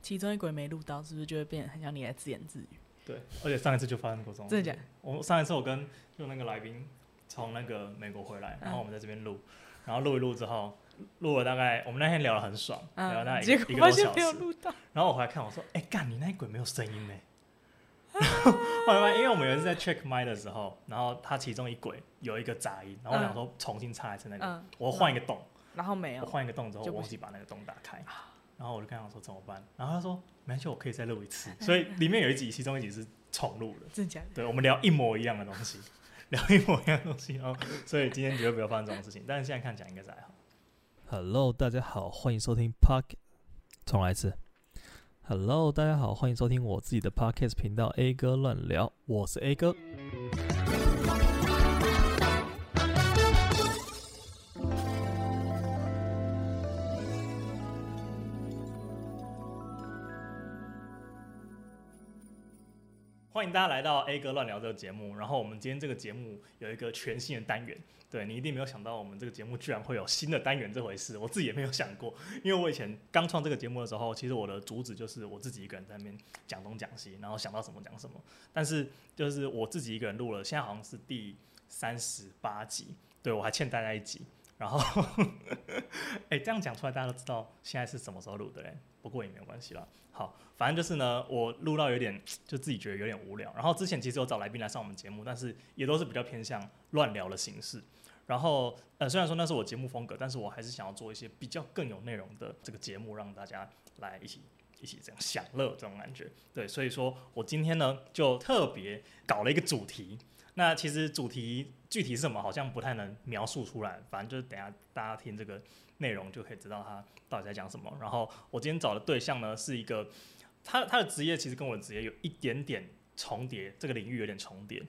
其中一軌沒錄到，是不是就會變得很像你在自言自語？對，而且上一次就發生過這種事。事 的，的我上一次我跟就那個來賓從那個美國回來，嗯、然後我們在這邊錄，然後錄一錄之後，錄了大概我們那天聊得很爽，聊了那一個多小時。沒有錄到。然後我回來看，我說：“哎、欸，幹，你那軌沒有聲音呢、欸？”啊、 後來，來因為我們有一次在 check mic 的時候，然後他其中一軌有一個雜音，然後我想說重新插一次那個，嗯、我換一、嗯、一個洞，然後沒有，我換一個洞之後，我忘記把那個洞打開。啊然後我就跟他說怎麼辦，然後他說沒錯，我可以再錄一次。 所以裡面有一集，其中一集是重錄的。是真的假的？對，我們聊一模一樣的東西，聊一模一樣的東西哦。所以今天絕對不要發生這種事情。但是現在看起來應該是還好。Hello，大家好，歡迎收聽 Podcast 重來一次。Hello，大家好，歡迎收聽我自己的 Podcast 頻道 A 哥亂聊，我是 A 哥。大家來到 A 哥亂聊這個節目，然後我們今天這個節目有一個全新的單元，對你一定沒有想到，我們這個節目居然會有新的單元這回事，我自己也沒有想過，因為我以前剛創這個節目的時候，其實我的主旨就是我自己一個人在那邊講東講西，然後想到什麼講什麼，但是就是我自己一個人錄了，現在好像是第三十八集，對我還欠大家一集，然後， 誒、欸，這樣講出來大家都知道現在是什麼時候錄的嘞，不過也沒有關係啦。好，反正就是呢，我錄到有點就自己覺得有點無聊。然後之前其實有找來賓來上我們節目，但是也都是比較偏向亂聊的形式。然後呃，雖然說那是我節目風格，但是我還是想要做一些比較更有內容的這個節目，讓大家來一起一起這樣享樂這種感覺。對，所以說我今天呢就特別搞了一個主題。那其實主題具體是什麼，好像不太能描述出來。反正就是等下大家聽這個。內容就可以知道他到底在講什麼。然後我今天找的對象呢，是一個他他的職業其實跟我的職業有一點點重疊，這個領域有點重疊。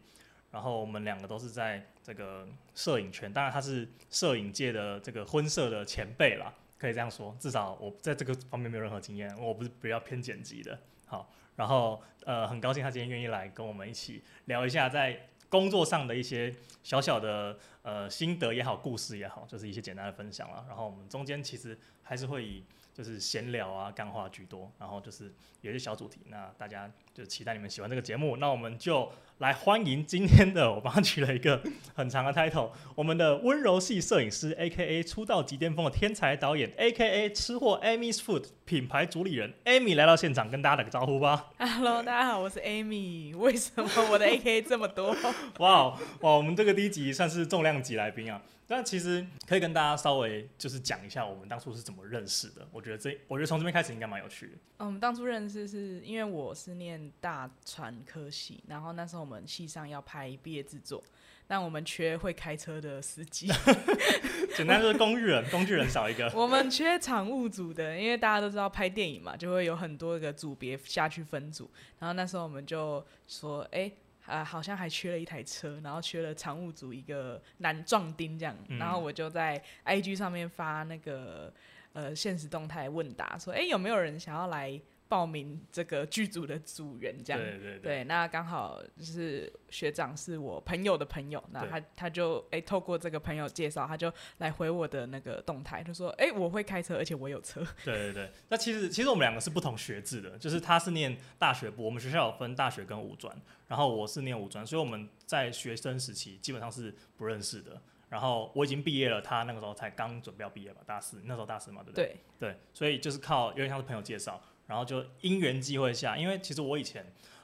然後我們兩個都是在這個攝影圈，當然他是攝影界的這個婚攝的前輩啦，可以這樣說。至少我在這個方面沒有任何經驗，我不是比較偏剪輯的。好，然後呃很高興他今天願意來跟我們一起聊一下在。工作上的一些小小的呃，心得也好，故事也好，就是一些簡單的分享了。然後我們中間其實還是會以就是閒聊啊、幹話居多，然後就是有一些小主題，那大家就期待你們喜歡這個節目。那我們就。來歡迎今天的，我幫他取了一個很長的 title，我們的溫柔系攝影師 A K A 出道即巔峰的天才導演 A K A 吃貨 Amy's Food 品牌主理人 Amy 來到現場，跟大家打個招呼吧。Hello，大家好，我是 Amy。 為什麼我的 A K A 這麼多？哇、 wow, 哇，我們這個第一集算是重量級來賓啊。但其實可以跟大家稍微就是講一下我們當初是怎麼認識的。我覺得這，我覺得從這邊開始應該蠻有趣的。嗯，我們當初認識是因為我是念大傳科系，然後那時候我們系上要拍畢業製作，但我們缺會開車的司機， 簡單說工具人， 工具人少一個。我們缺場務組的，因為大家都知道拍電影嘛，就會有很多個組別下去分組，然後那時候我們就說，哎、欸。呃，好像還缺了一台車，然後缺了常務組一個男壯丁這樣、嗯，然後我就在 IG 上面發那個呃限時動態問答，說哎、欸、有沒有人想要來？報名這個劇組的組員，這樣。對對對，對。那剛好就是學長是我朋友的朋友，那他他就哎、欸、透過這個朋友介紹，他就來回我的那個動態，他說哎、欸、我會開車，而且我有車。對對對。那其實其實我們兩個是不同學制的，就是他是念大學部，我們學校有分大學跟五專，然後我是念五專，所以我們在學生時期基本上是不認識的。然後我已經畢業了，他那個時候才剛準備要畢業嘛，大四那時候大四嘛，對不對？對。所以就是靠因為他是朋友介紹。然後就因緣際會下，因為其實我以前，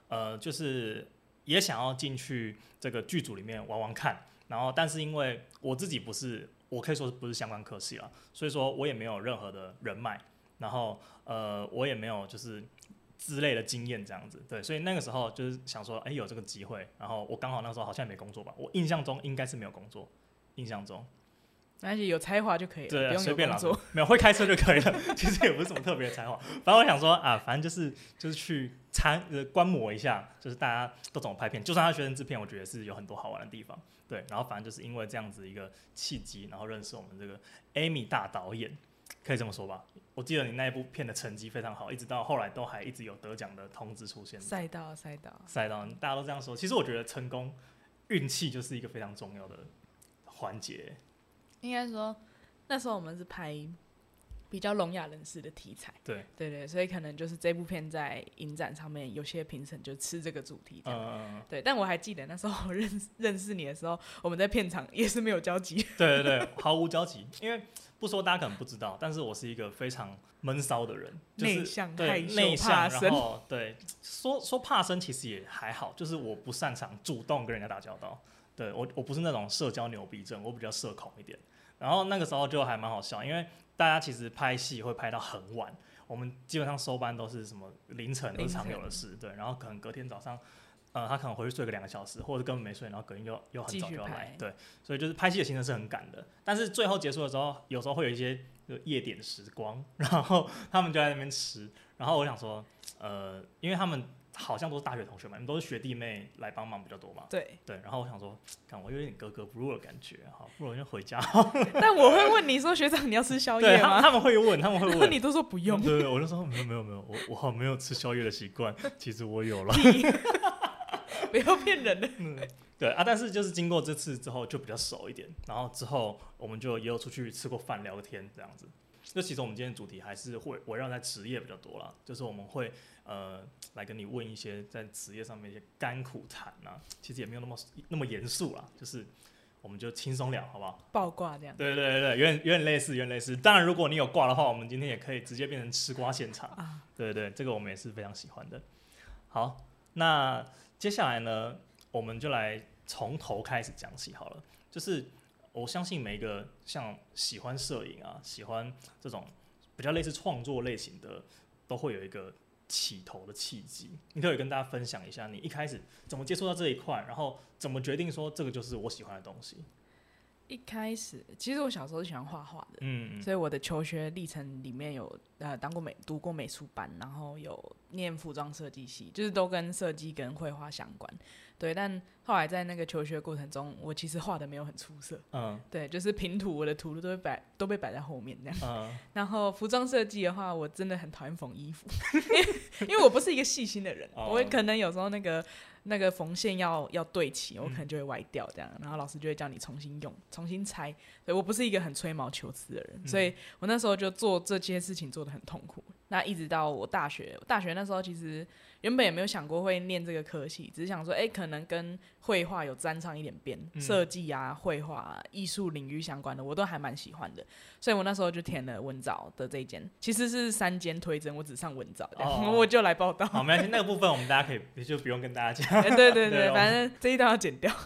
呃，就是也想要進去這個劇組裡面玩玩看。然後，但是因為我自己不是，我可以說是不是相關科系了，所以說我也沒有任何的人脈。然後，呃，我也沒有就是之類的經驗這樣子。對，所以那個時候就是想說，誒，有這個機會。然後我剛好那時候好像沒工作吧，我印象中應該是沒有工作，印象中。而且有才華就可以了，對，不用隨便了沒有會開車就可以了。其實也不是什麼特別的才華。 反正我想說啊，反正就是就是去參觀摩一下，就是大家都怎麼拍片，就算他學生製片，我覺得是有很多好玩的地方。對，然後反正就是因為這樣子一個契機，然後認識我們這個 Amy 大導演，可以這麼說吧？我記得你那一部片的成績非常好，一直到後來都還一直有得獎的通知出現。賽道，賽道，賽道，大家都這樣說。其實我覺得成功運氣就是一個非常重要的環節。應該說，那時候我們是拍比較聾啞人士的題材。對，對對對，所以可能就是這部片在影展上面有些評審就吃這個主題這樣、嗯、對。但我還記得那時候我認識認識你的時候，我們在片場也是沒有交集，對對對， 毫無交集。因為不說大家可能不知道，但是我是一個非常悶騷的人，內、就是、 向，太內向，然後，對，說說怕生其實也還好，就是我不擅長主動跟人家打交道。對，我我不是那種社交牛逼症，我比較社恐一點。然後那個時候就還蠻好笑，因為大家其實拍戲會拍到很晚，我們基本上收班都是什麼凌晨，都是常有的事，對。然後可能隔天早上，呃，他可能回去睡個兩個小時，或者根本沒睡，然後隔天又又很早就要來，對。所以就是拍戲的行程是很趕的，但是最後結束的時候，有時候會有一些就夜點時光，然後他們就在那邊吃。然後我想說，呃，因為他們。好像都是大學同學嘛，你們都是學弟妹來幫忙比較多嘛。對對，然後我想說，看我有點格格不入的感覺，哈，不容易回家。 但我會問你說，學長你要吃宵夜嗎？對，他他們會問，他們會問。問 你都說不用。對，我就說沒有沒有沒有，我我好沒有吃宵夜的習慣。 其實我有了。 沒有騙人的，嗯。對啊，但是就是經過這次之後就比較熟一點，然後之後我們就也有出去吃過飯、聊天這樣子。那其實我們今天的主題還是會圍繞在職業比較多啦，就是我們會呃來跟你問一些在職業上面一些甘苦談啊，其實也沒有那麼那麼嚴肅啦，就是我們就輕鬆聊，好不好？爆掛這樣。對對對，有點有點類似，有點類似。當然，如果你有掛的話，我們今天也可以直接變成吃瓜現場啊。對對對，這個我們也是非常喜歡的。好，那接下來呢，我們就來從頭開始講起好了，就是。我相信每一個像喜歡攝影啊，喜歡這種比較類似創作類型的，都會有一個起頭的契機。你可以跟大家分享一下，你一開始怎麼接觸到這一塊，然後怎麼決定說這個就是我喜歡的東西。一開始，其實我小時候是喜歡畫畫的，嗯，所以我的求學歷程裡面有呃當過美讀過美術班，然後有念服裝設計系，就是都跟設計跟繪畫相關。對，但後來在那個求學過程中，我其實畫的沒有很出色。嗯、uh,，對，就是平圖，我的圖都都擺都被擺在後面這樣。Uh, 然後服裝設計的話，我真的很討厭縫衣服， 因為我不是一個細心的人，uh. 我可能有時候那個那個縫線要要對齊，我可能就會歪掉這樣、嗯，然後老師就會叫你重新用，重新拆。對，我不是一個很吹毛求疵的人、嗯，所以我那時候就做這些事情做得很痛苦。那一直到我大學，大學那時候其實。原本也沒有想過會唸這個科系，只是想說，哎、欸，可能跟繪畫有沾上一點邊，嗯、設計啊、繪畫、啊、藝術領域相關的我都還蠻喜歡的，所以我那時候就填了文藻的這一間，其實是三間推甄，我只上文藻，哦哦，我就來報道。好，哦，沒關係，那個部分我們大家可以 就不用跟大家講。欸、對對對， 對反正，嗯、這一段要剪掉。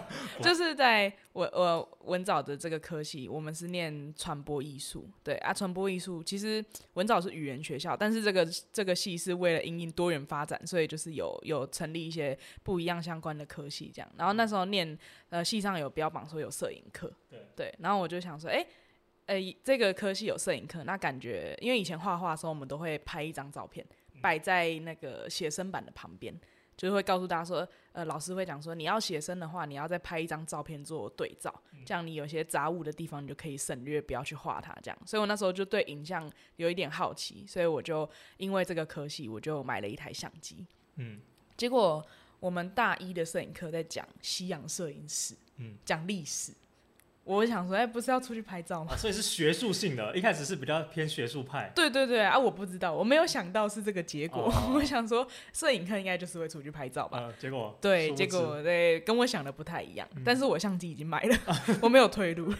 就是在文我，我文藻的這個科系，我們是念傳播藝術。對啊，傳播藝術其實文藻是語言學校，但是這個這個系是為了因應多元發展，所以就是有有成立一些不一樣相關的科。戲這樣，然後那時候念呃，系上有標榜說有攝影課，對，對然後我就想說，誒誒，這個科系有攝影課，那感覺，因為以前畫畫的時候，我們都會拍一張照片擺在那個寫生板的旁邊，就會告訴大家說，呃，老師會講說，你要寫生的話，你要再拍一張照片做對照，這樣你有些雜物的地方，你就可以省略，不要去畫它，這樣。所以我那時候就對影像有一點好奇，所以我就因為這個科系，我就買了一台相機，嗯，結果。我們大一的攝影課在講西洋攝影史，嗯、講歷史。我想說，哎、欸，不是要出去拍照嗎？啊、所以是學術性的，一開始是比較偏學術派。對對對啊，我不知道，我沒有想到是這個結果。哦、 我想說，攝影課應該就是會出去拍照吧？嗯、結果對，結果對，跟我想的不太一樣。嗯、但是我相機已經買了，啊、我沒有退路。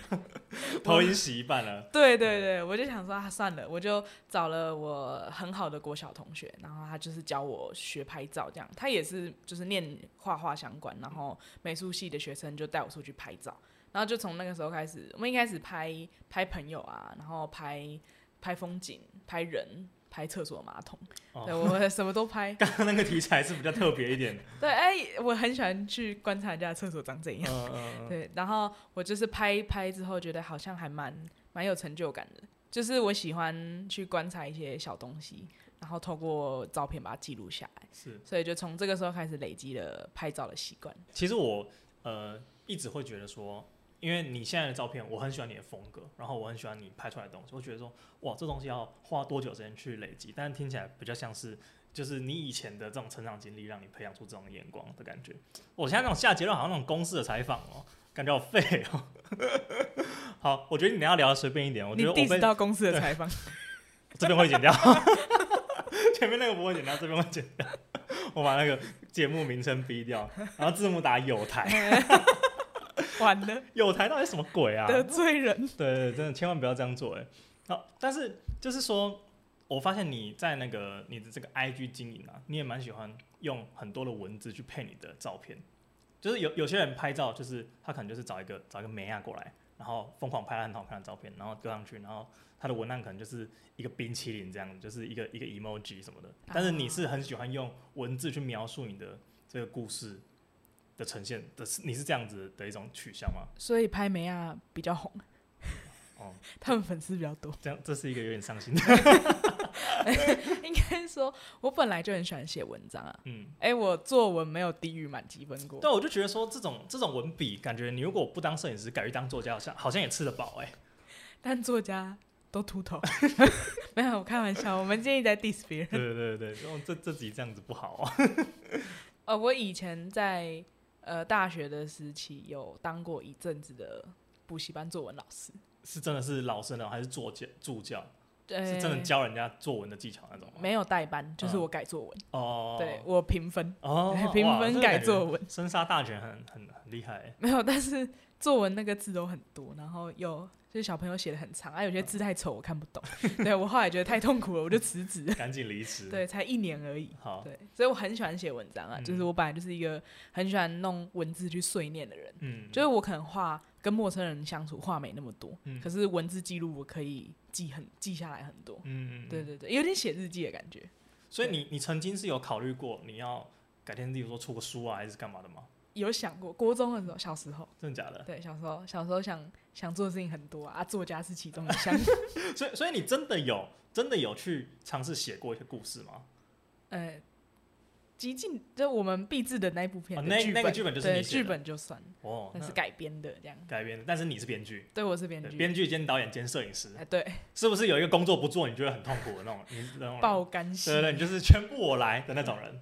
頭已經洗一半了。對對對，嗯、我就想說啊，算了，我就找了我很好的國小同學，然後他就是教我學拍照，這樣。他也是就是念畫畫相關，然後美術系的學生就帶我出去拍照。然後就從那個時候開始，我們一開始拍拍朋友啊，然後拍拍風景、拍人、拍廁所馬桶，哦、對，我什麼都拍。剛 剛那個題材是比較特別一點的。 對，哎、欸，我很喜歡去觀察人家的廁所長怎樣。哦、對，然後我就是拍拍之後，覺得好像還蠻蠻有成就感的。就是我喜歡去觀察一些小東西，然後透過照片把它記錄下來。是，所以就從這個時候開始累積了拍照的習慣。其實我呃一直會覺得說。因為你現在的照片，我很喜歡你的風格，然後我很喜歡你拍出來的東西。我覺得說，哇，這東西要花多久時間去累積？但是聽起來比較像是，就是你以前的這種成長經歷，讓你培養出這種眼光的感覺。我現在那種下結論，好像那種公司的採訪哦，感覺好廢哦、喔。好，我覺得你等下聊得隨便一點。我覺得我們到公司的採訪，這邊會剪掉， 前面那個不會剪掉，這邊會剪掉。我把那個節目名稱逼掉，然後字幕打有台。 完了， 有台到底什麼鬼啊？ 得罪人。對對，真的千萬不要這樣做哎、欸。好，但是就是說，我發現你在那個你的這個 I G 經營啊，你也蠻喜歡用很多的文字去配你的照片。就是有有些人拍照，就是他可能就是找一個找一個美亞過來，然後瘋狂拍了很好看的照片，然後丟上去，然後他的文案可能就是一個冰淇淋這樣子，就是一個一個 emoji 什麼的。但是你是很喜歡用文字去描述你的這個故事。的呈現的是你是這樣子的一種取向嗎？所以拍美亞比較紅，哦、嗯嗯，他們粉絲比較多。這樣，這是一個有點傷心的 對。 應該說，我本來就很喜歡寫文章啊。嗯，哎、欸，我作文沒有低於滿級分過。對我就覺得說這，這種這種文筆，感覺你如果不當攝影師，改去當作家，好像好像也吃得飽哎、欸。但作家都禿頭。 沒有，我開玩笑。我們建議在 diss 別人對對對對，哦、這這這集這樣子不好啊、哦。 哦，我以前在。呃，大學的時期有當過一陣子的補習班作文老師，是真的是老師呢，還是助教助教？對，是真的教人家作文的技巧那種？沒有代班，就是我改作文、呃、哦，哦，對我評分哦，評分改作文，哦、生殺大權很很很厲害、欸。沒有，但是。作文那個字都很多，然後有就是小朋友寫得很長，還、啊、有些字太醜、啊，我看不懂。 對我後來覺得太痛苦了，我就辭職。趕緊離職。對，才一年而已。好。對，所以我很喜歡寫文章啊、嗯，就是我本來就是一個很喜歡弄文字去碎念的人。嗯。就是我可能話跟陌生人相處話沒那麼多，嗯、可是文字記錄我可以記很記下來很多。嗯，嗯嗯。對對對，有點寫日記的感覺。所以你你曾經是有考慮過你要改天，例如說出個書啊，還是幹嘛的嗎？有想過，國中的時候，小時候、嗯、真的假的？對，小時候小時候想想做的事情很多啊，啊作家是其中一項。 所以，所以你真的有真的有去嘗試寫過一些故事嗎？呃，極盡就我們必制的那一部片，哦、那那個劇本就是劇本就算哦，那但是改編的這樣。改編，但是你是編劇，對我是編劇，編劇兼導演兼攝影師。哎、呃，對，是不是有一個工作不做你覺得很痛苦的那種？你那種爆肝型，對對，你就是全部我來的那種人。嗯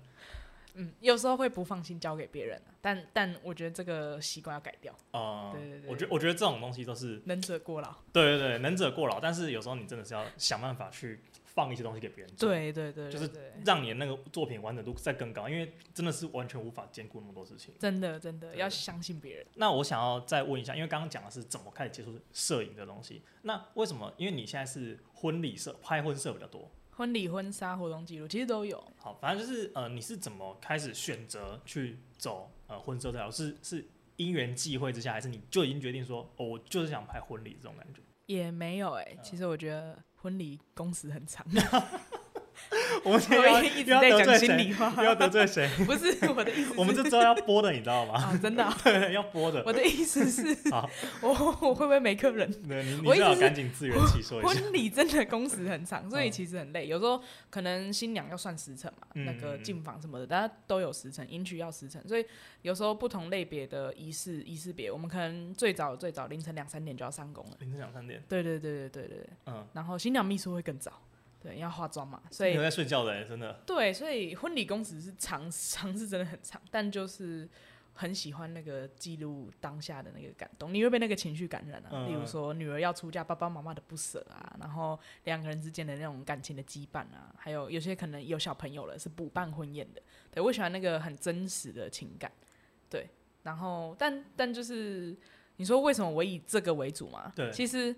嗯，有時候會不放心交給別人，啊，但但我覺得這個習慣要改掉。啊，嗯，對對對，我覺我覺得這種東西都是能者過勞。對對對，能者過勞，但是有時候你真的是要想辦法去放一些東西給別人做，對對對， 就是讓你的那個作品完整度再更高，因為真的是完全無法兼顧那麼多事情。真的真的要相信別人。那我想要再問一下，因為剛剛講的是怎麼開始接觸攝影的東西，那為什麼？因為你現在是婚禮攝，拍婚攝比較多。婚禮、婚紗、活動記錄其實都有。好，反正就是呃，你是怎麼開始選擇去走呃婚紗，這是是因緣際會之下，還是你就已經決定說，哦、我就是想拍婚禮這種感覺？也沒有哎、欸，其實我覺得婚禮工時很長。呃 我們天我一直在講心裡話，要得罪誰，不要得罪誰。不是我的意思， 我們這週要播的，你知道嗎？啊，真的，啊， 要播的。我的意思是， 我我會不會沒客人？你你趕緊自圓其說。婚禮真的工時很長， 所以其實很累。有時候可能新娘要算時辰嘛，嗯，那個進房什麼的，大家都有時辰，迎娶要時辰，所以有時候不同類別的儀式，儀式別，我們可能最早最早凌晨兩三點就要上工了。凌晨兩三點。對，對對對對對對。嗯。然後新娘秘書會更早。對，要化妝嘛，所以你有在睡覺嘞、欸，真的。對，所以婚禮工時是長，長是真的很長，但就是很喜歡那個記錄當下的那個感動，你會被那個情緒感染啊、嗯。例如說女兒要出嫁，爸爸媽媽的不舍啊，然後兩個人之間的那種感情的羈絆啊，還有有些可能有小朋友了，是補辦婚宴的。對，我喜歡那個很真實的情感，對，然後但但就是你說為什麼我以這個為主嘛？對，其實。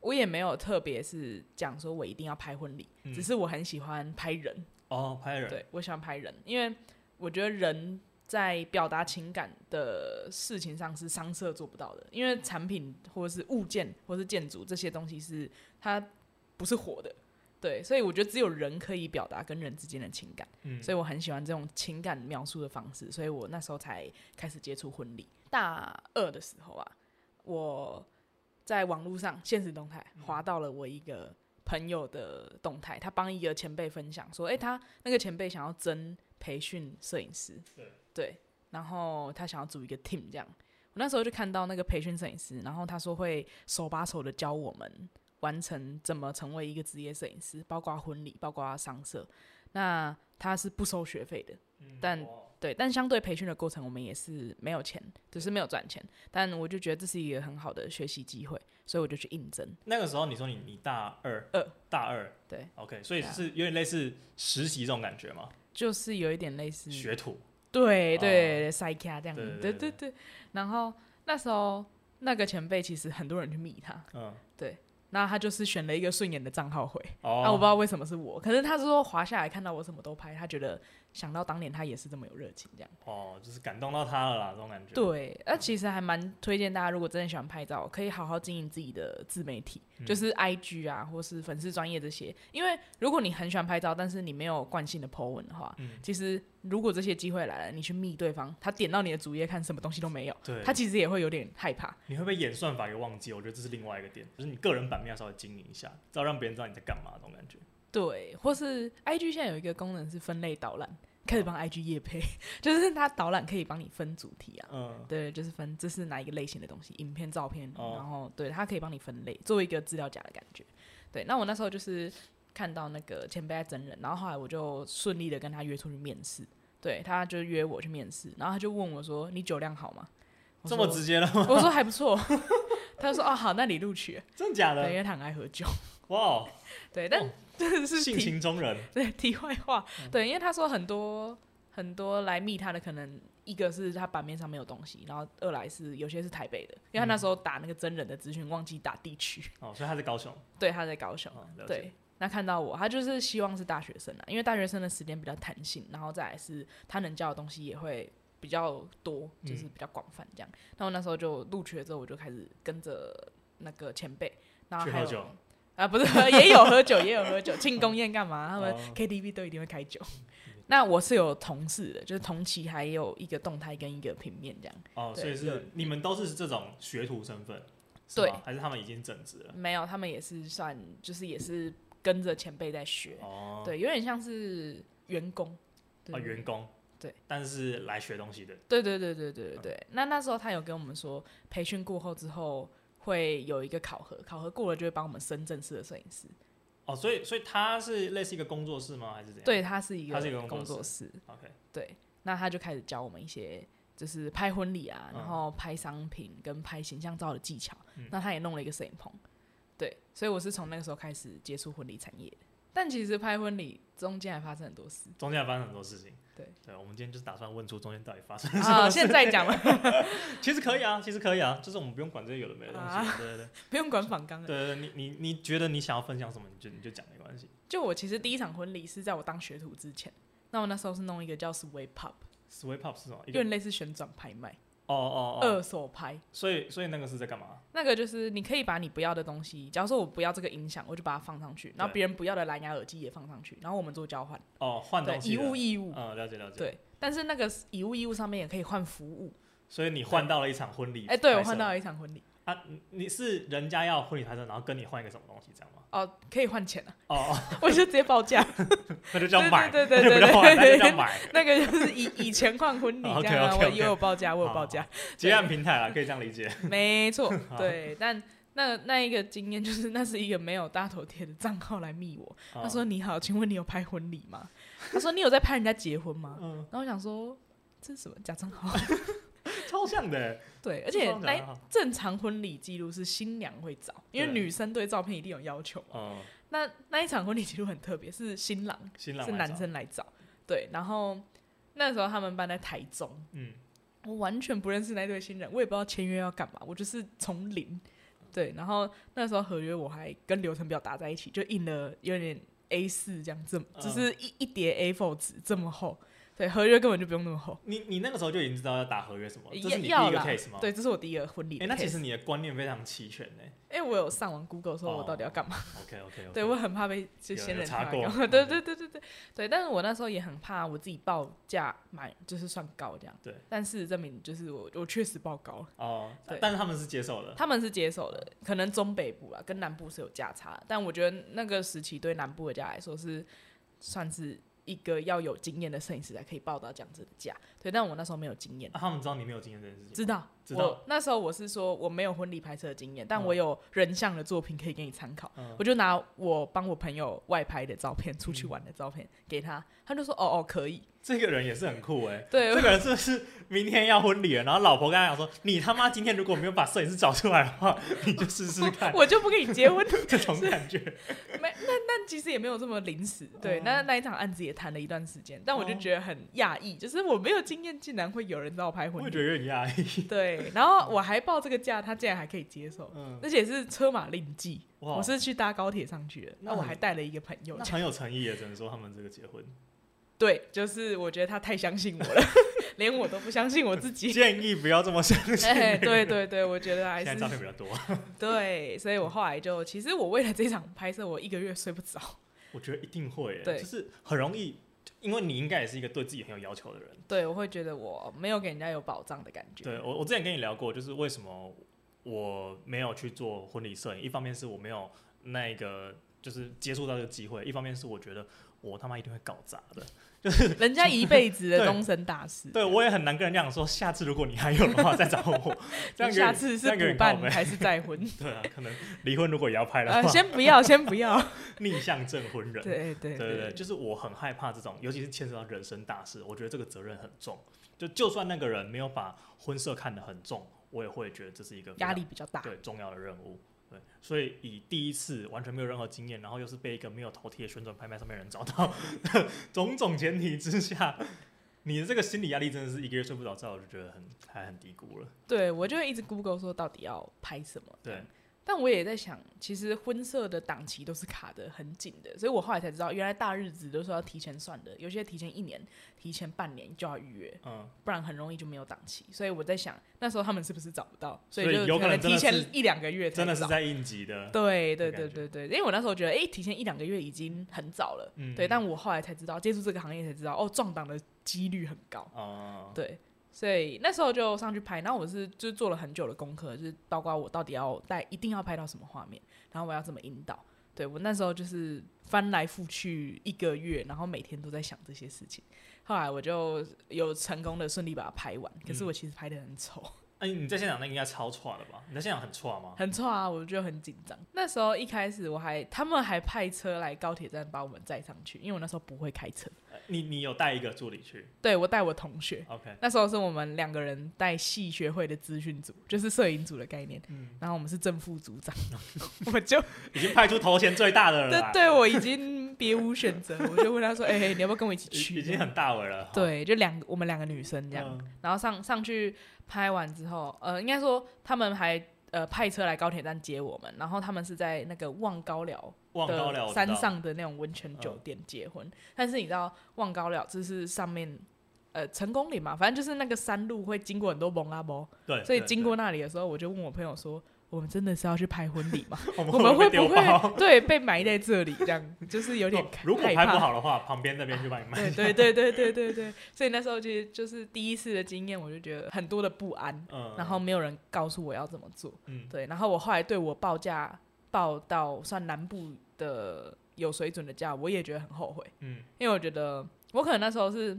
我也沒有特別是講說我一定要拍婚禮、嗯，只是我很喜歡拍人哦，拍人。對，我喜歡拍人，因為我覺得人在表達情感的事情上是商攝做不到的，因為產品或是物件或是建築這些東西是它不是活的，對，所以我覺得只有人可以表達跟人之間的情感、嗯，所以我很喜歡這種情感描述的方式，所以我那時候才開始接觸婚禮。大二的時候啊，我。在網絡上，限時動態滑到了我一個朋友的動態、嗯，他幫一個前輩分享說：“哎、嗯欸，他那個前輩想要徵培訓攝影師、嗯，對，然後他想要組一個 team 這樣。”我那時候就看到那個培訓攝影師，然後他說會手把手的教我們完成怎麼成為一個職業攝影師，包括婚禮，包括上色。那他是不收學費的，嗯、但。對，但相對培訓的過程，我們也是沒有錢，只是沒有賺錢。但我就覺得這是一個很好的學習機會，所以我就去應徵。那個時候你說你你大二，呃，大二，對，OK，所以是有點類似實習這種感覺嗎？就是有一點類似學徒，對對，對，sci 塞卡這樣，對對對，對。然後那時候那個前輩其實很多人去密他，嗯，對。那他就是選了一個順眼的賬號回，那、哦啊、我不知道為什麼是我，可是他是說滑下來看到我什麼都拍，他覺得。想到當年他也是這麼有熱情，這樣哦，就是感動到他了啦，這種感覺。對，那、啊、其實還蠻推薦大家，如果真的喜歡拍照，可以好好經營自己的自媒體、嗯，就是 IG 啊，或是粉絲專業這些。因為如果你很喜歡拍照，但是你沒有慣性的 po 文的話，嗯、其實如果這些機會來了，你去密對方，他點到你的主頁看什麼東西都沒有對，他其實也會有點害怕。你會被演算法給忘記，我覺得這是另外一個點，就是你個人版面要稍微經營一下，要讓別人知道你在幹嘛，這種感覺。對，或是 IG 現在有一個功能是分類導覽，開始幫 IG 業配，就是它導覽可以幫你分主題啊，oh. 對，就是分這是哪一個類型的東西，影片、照片，oh. 然後對他可以幫你分類，作為一個資料夾的感覺。對，那我那時候就是看到那個前輩在整人，然後後來我就順利的跟他約出去面試，對，他就約我去面試，然後他就問我說：“你酒量好嗎？”這麼直接了嗎？我說還不錯。 他就說：“哦，好，那你錄取。”真的假的？因為他很愛喝酒。哇、wow.，對，但。Oh. 性情中人， 對，題外話、嗯，對，因為他說很多很多來密他的可能，一個是他版面上沒有東西，然後二來是有些是台北的，因為他那時候打那個真人的諮詢忘記打地區、嗯，哦，所以他在高雄，對，他在高雄、哦，對，那看到我，他就是希望是大學生啊，因為大學生的時間比較彈性，然後再來是他能教的東西也會比較多，就是比較廣泛這樣，那、嗯、然後那時候就入學之後，我就開始跟着那個前輩，然後還有去。啊，不是也有喝酒，也有喝酒，慶 功宴幹嘛？他們 KTV 都一定會開酒。哦、 那我是有同事的，就是同期，還有一個動態跟一個平面這樣。哦，所以是你們都是這種學徒身份，對，還是他們已經轉職了？沒有，他們也是算，就是也是跟着前輩在學。哦，對，有點像是員工啊、哦呃，員工對，但是來學東西的。對對對對對對對,對,對、嗯。那那時候他有跟我們說，培訓過後之後。會有一個考核，考核過了就會幫我們升正式的攝影師。哦，所以所以他是類似一個工作室嗎？還是怎樣？對，他是一個，工作室。OK，對，那他就開始教我們一些，就是拍婚禮啊，嗯，然後拍商品跟拍形象照的技巧。嗯。那他也弄了一個攝影棚。對，所以我是從那個時候開始接觸婚禮產業。但其實拍婚禮中間還發生很多事，中間還發生很多事情。對對，我們今天就是打算問出中間到底發生了什麼事。啊,啊，現在講了， 其實可以啊，其實可以啊，就是我們不用管這些有的沒的東西，啊、對對,對不用管訪綱的。對你你你覺得你想要分享什麼，你就你就講沒關係。就我其實第一場婚禮是在我當學徒之前，那我那時候是弄一個叫 Sway Pop，Sway Pop 是什麼？一個因為類似是旋轉拍賣。哦哦，二手拍。所以所以那個是在幹嘛？那個就是你可以把你不要的東西，假如說我不要這個音響，我就把它放上去，然後別人不要的藍牙耳機也放上去，然後我們做交換。哦，換東西的，以物易物。嗯，了解了解。對，但是那個以物易物上面也可以換服務，所以你換到了一場婚禮。哎，對、欸、對我換到了一場婚禮。啊、你是人家要婚禮拍攝，然後跟你換一個什麼東西，這樣嗎？哦，可以換錢啊！哦、oh, oh.， 我就直接報價， 那就叫買， 對，對，對，對，對，對對對對對，那就 對對對對對對、那個就是以以錢換婚禮， 這樣然後我也有報價、okay okay. 哦，我有報價。接案平台了，可以這樣理解。沒錯、啊，對。但那那一個經驗就是，那是一個沒有大頭貼的賬號來密我。他說：“你好，請問你有拍婚禮嗎？” 他說：“你有在拍人家結婚嗎？”嗯。然後我想說，這是什麼假賬號？超像的、欸，對，而且哎，正常婚禮記錄是新娘會找，因為女生對照片一定有要求啊、哦。那那一場婚禮記錄很特別，是新郎，新郎，是男生來找，對。然後那時候他們辦在台中，嗯，我完全不認識那對新人，我也不知道簽約要幹嘛，我就是從零。對，然後那時候合約我還跟流程表打在一起，就印了有點 A4 這樣這麼、嗯，就是一一疊 A4 紙這麼厚。嗯對，合約根本就不用那麼厚。你你那個時候就已經知道要打合約什麼，這是你第一個 case 嗎要？對，這是我第一個婚禮。哎、欸，那其實你的觀念非常齊全呢。因、欸、為我有上網 Google 說，我到底要幹嘛、oh, okay,？OK OK 對我很怕被就先人查過。 對對對對,、okay. 對但是我那時候也很怕我自己報價買就是算高這樣。對。但事實證明，就是我我確實報高了。哦、oh,。對。但是他們是接受的，他們是接受的。可能中北部啊，跟南部是有價差，但我覺得那個時期對南部的價來說是算是。一個要有經驗的攝影師才可以報到這樣子的價，對。但我那時候沒有經驗。啊，他們知道你沒有經驗這件事情，知道。知道。我，那時候我是說我沒有婚禮拍攝經驗，但我有人像的作品可以給你參考、嗯，我就拿我幫我朋友外拍的照片、嗯，出去玩的照片給他，他就說哦哦可以。這個人也是很酷哎、欸，對，這個人真的是明天要婚禮了。 然後老婆跟他講說：“你他媽今天如果沒有把攝影師找出來的話， 你就試試看， 我就不跟你結婚。 ”這種感覺，沒，那那其實也沒有這麼臨時、嗯。對，那那一場案子也談了一段時間、嗯，但我就覺得很訝異，就是我沒有經驗，竟然會有人找我拍婚禮，我覺得有點訝異。對，然後我還報這個價，他竟然還可以接受，嗯、而且是車馬另計。我是去搭高鐵上去的。那然後我還帶了一個朋友，那那很有誠意耶，也只能說他們這個結婚。對，就是我覺得他太相信我了， 連我都不相信我自己。 建議不要這麼相信，那個。哎、欸，對對對，我覺得還是。現在照片比較多。對，所以我後來就，嗯、其實我為了這場拍攝，我一個月睡不着。我覺得一定會，對，就是很容易，因為你應該也是一個對自己很有要求的人。對，我會覺得我沒有給人家有保障的感覺。對我，我之前跟你聊過，就是為什麼我沒有去做婚禮攝影。一方面是我沒有那個就是接觸到這個機會，一方面是我覺得我他媽一定會搞砸的。就是人家一輩子的終身大事 對，對，我也很難跟人家講說，下次如果你還有的話，再找我。那 下次是補辦還是再婚？ 對啊，可能離婚如果也要拍的話，呃、先不要，先不要。 逆向證婚人，對對對對，對，對就是我很害怕這種，尤其是牽涉到人生大事，我覺得這個責任很重。就就算那個人沒有把婚色看得很重，我也會覺得這是一個壓力比較大，對重要的任務。對，所以以第一次完全沒有任何經驗，然後又是被一個沒有頭鐵的旋轉拍賣上面人找到， 種種前提之下，你的這個心理壓力真的是一個月睡不着覺，我就覺得很還很低估了。對，我就會一直 Google 說到底要拍什麼。對。但我也在想，其實婚攝的檔期都是卡得很緊的，所以我後來才知道，原來大日子都是要提前算的，有些提前一年、提前半年就要預約，嗯，不然很容易就沒有檔期。所以我在想，那時候他們是不是找不到？所以就有可能提前一兩個月，真的，真的是在應急的。對對對對對，因為我那時候覺得，哎、欸，提前一兩個月已經很早了，嗯，對。但我後來才知道，接觸這個行業才知道，哦，撞檔的幾率很高哦，對。所以那時候就上去拍，然後我是就做了很久的功課，就是包括我到底要帶，一定要拍到什麼畫面，然後我要怎麼引導。對，我那時候就是翻來覆去一個月，然後每天都在想這些事情。後來我就有成功的順利把它拍完，可是我其實拍得很醜。哎、嗯，欸，你在現場那應該超剉的吧？你在現場很剉嗎？很剉啊，我就很緊張。那時候一開始我還，他們還派車來高鐵站把我們載上去，因為我那時候不會開車。你你有帶一個助理去？對，我帶我同學。OK，那時候是我們兩個人帶系學會的資訊組，就是攝影組的概念、嗯。然後我們是正副組長， 我就已經派出頭銜最大的人了。對對，我已經別無選擇， 我就問他說：“哎、欸，你要不要跟我一起去？” 已經很大尾了。對，就兩我們兩個女生這樣，嗯、然後上上去拍完之後，呃，應該說他們還呃派車來高鐵站接我們，然後他們是在那個望高寮。的山上的那種溫泉酒店結婚，但是你知道望高了就是上面呃成功嶺嘛，反正就是那個山路會經過很多蒙拉波。對，所以經過那裡的時候對對對，我就問我朋友說：“我們真的是要去拍婚禮嗎？ 我們會不會被對被埋在這裡這樣？ 就是有點如果拍不好的話，旁邊那邊就埋埋。”對對對對對對，所以那時候就是、就是第一次的經驗，我就覺得很多的不安，嗯，然後沒有人告訴我要怎麼做，嗯，對，然後我後來對我報價。報到算南部的有水準的價，我也覺得很後悔。嗯，因為我覺得我可能那時候是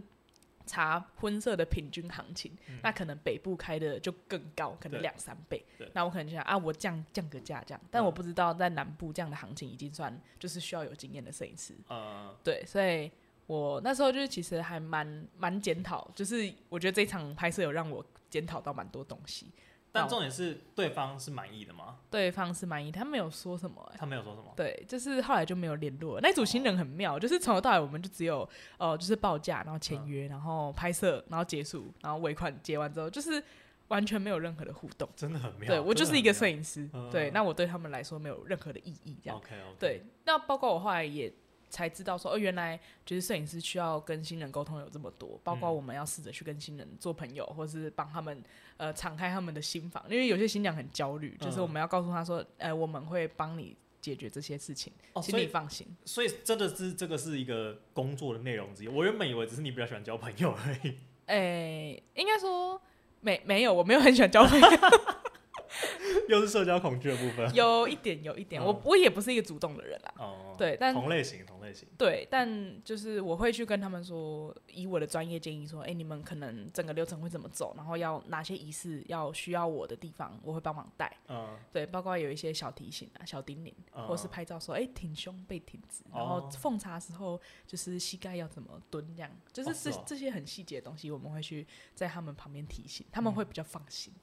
查婚攝的平均行情，嗯，那可能北部開的就更高，可能兩三倍。那我可能就想啊，我降降個價這樣，但我不知道在南部這樣的行情已經算就是需要有經驗的攝影師。嗯，對，所以我那時候就是其實還蠻蠻檢討，就是我覺得這場拍攝有讓我檢討到蠻多東西。但重點是，對方是滿意的嗎？對方是滿意，他沒有說什麼、欸。他沒有說什麼。對，就是後來就沒有聯絡。那一組新人很妙，哦、就是從頭到尾，我們就只有呃，就是報價，然後簽約、嗯，然後拍攝，然後結束，然後尾款結完之後，就是完全沒有任何的互動。真的很妙、啊。對我就是一個攝影師、啊，對，那我對他們來說沒有任何的意義。這樣、嗯。對，那包括我後來也。才知道說，哦，原來就是攝影師需要跟新人溝通有這麼多，包括我們要試着去跟新人做朋友，嗯、或者是幫他們呃敞開他們的心房，因為有些新娘很焦慮、嗯，就是我們要告訴他說，呃，我們會幫你解決這些事情，哦、請你放心。所以，所以真的是這個是一個工作的內容之一。我原本以為只是你比較喜歡交朋友而已。哎、欸，應該說沒沒有，我沒有很喜歡交朋友。 又是社交恐懼的部分，有一點有一點，一點嗯、我我也不是一個主動的人啦。哦、嗯，對，但同類型同類型。對，但就是我會去跟他們說，以我的專業建議說，哎、欸，你們可能整個流程會怎麼走，然後要哪些儀式要需要我的地方，我會幫忙帶。嗯，對，包括有一些小提醒啊，小叮嚀、嗯，或是拍照說，哎、欸，挺胸背挺直，然後奉茶時候就是膝蓋要怎麼蹲，這樣，哦、就是是這,、哦、這些很細節的東西，我們會去在他們旁邊提醒、嗯，他們會比較放心。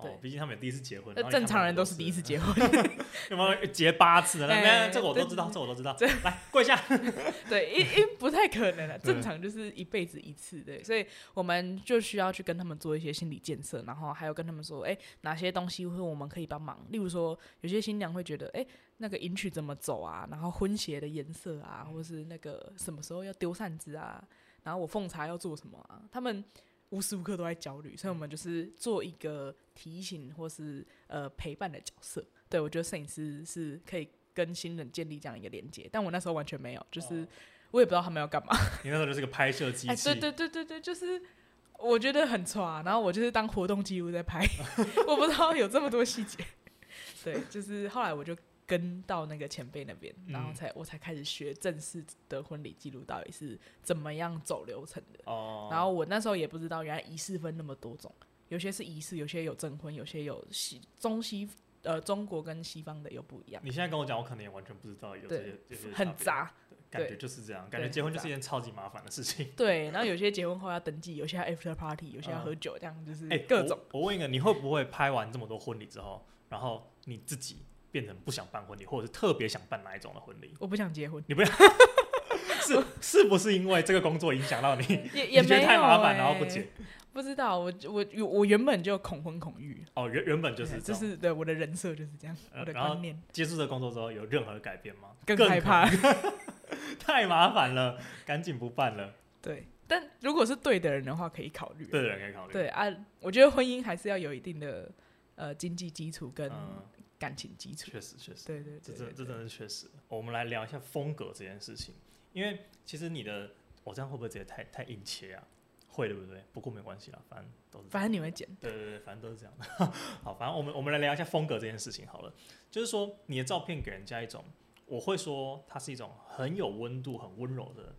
對，畢竟他們也第一次結婚。正常人都是第一次結婚，嗯、 有沒有結八次的？那、嗯、沒，這個我都知道，這個、我都知道。來，跪下。對，嗯、對，因不太可能了，正常就是一輩子一次。對，所以我們就需要去跟他們做一些心理建設，然後還有跟他們說，哎、欸，哪些東西我們可以幫忙？例如說，有些新娘會覺得，哎、欸，那個迎娶怎麼走啊？然後婚鞋的顏色啊，或是那個什麼時候要丟扇子啊？然後我奉茶要做什麼啊？他們。無時無刻都在焦慮，所以我們就是做一個提醒或是呃陪伴的角色。對我覺得攝影師是可以跟新人建立這樣一個連接，但我那時候完全沒有，就是我也不知道他們要幹嘛。哦、 你那時候就是個拍攝機器，對、哎、對對對對，就是我覺得很挫，然後我就是當活動記錄在拍， 我不知道有這麼多細節。對，就是後來我就。跟到那個前輩那邊，然後才、嗯、我才開始學正式的婚禮記錄到底是怎麼樣走流程的。哦、嗯。然後我那時候也不知道，原來儀式分那麼多種，有些是儀式，有些有證婚，有些有西中西呃中國跟西方的又不一樣。你現在跟我講，我可能也完全不知道有這些，這些就是很雜。感覺就是這樣，感覺結婚就是一件超級麻煩的事情。對。 然後有些結婚後要登記，有些要 after party，有些要喝酒，嗯、這樣就是。各種、欸。我， 我問一個，你會不會拍完這麼多婚禮之後，然後你自己？變成不想辦婚禮，或者是特別想辦哪一種的婚禮？我不想結婚。你不要 是，是是不是因為這個工作影響到你？也也沒、欸、覺得太麻煩，然後不結。不知道，我我我原本就恐婚恐育。哦，原原本就是這，這、就是對我的人設就是這樣。呃、我的觀念，然後接觸這工作之後，有任何改變嗎？更害怕， 太麻煩煩了，趕 緊不辦了。對，但如果是對的人的話，可以考慮。對的人可以考慮。對啊，我覺得婚姻還是要有一定的呃經濟基礎跟、嗯。感情基礎確實確實，對對,對,對,對,對，這真的，這真這真的是確實。我們來聊一下風格這件事情，因為其實你的我、哦、這樣會不會直接太太硬切啊？會對不對？不過沒關係啦，反正都是反正你會剪，對對對，反正都是這樣的。 好，反正我們我們來聊一下風格這件事情好了。就是說，你的照片給人家一種，我會說它是一種很有溫度、很溫柔的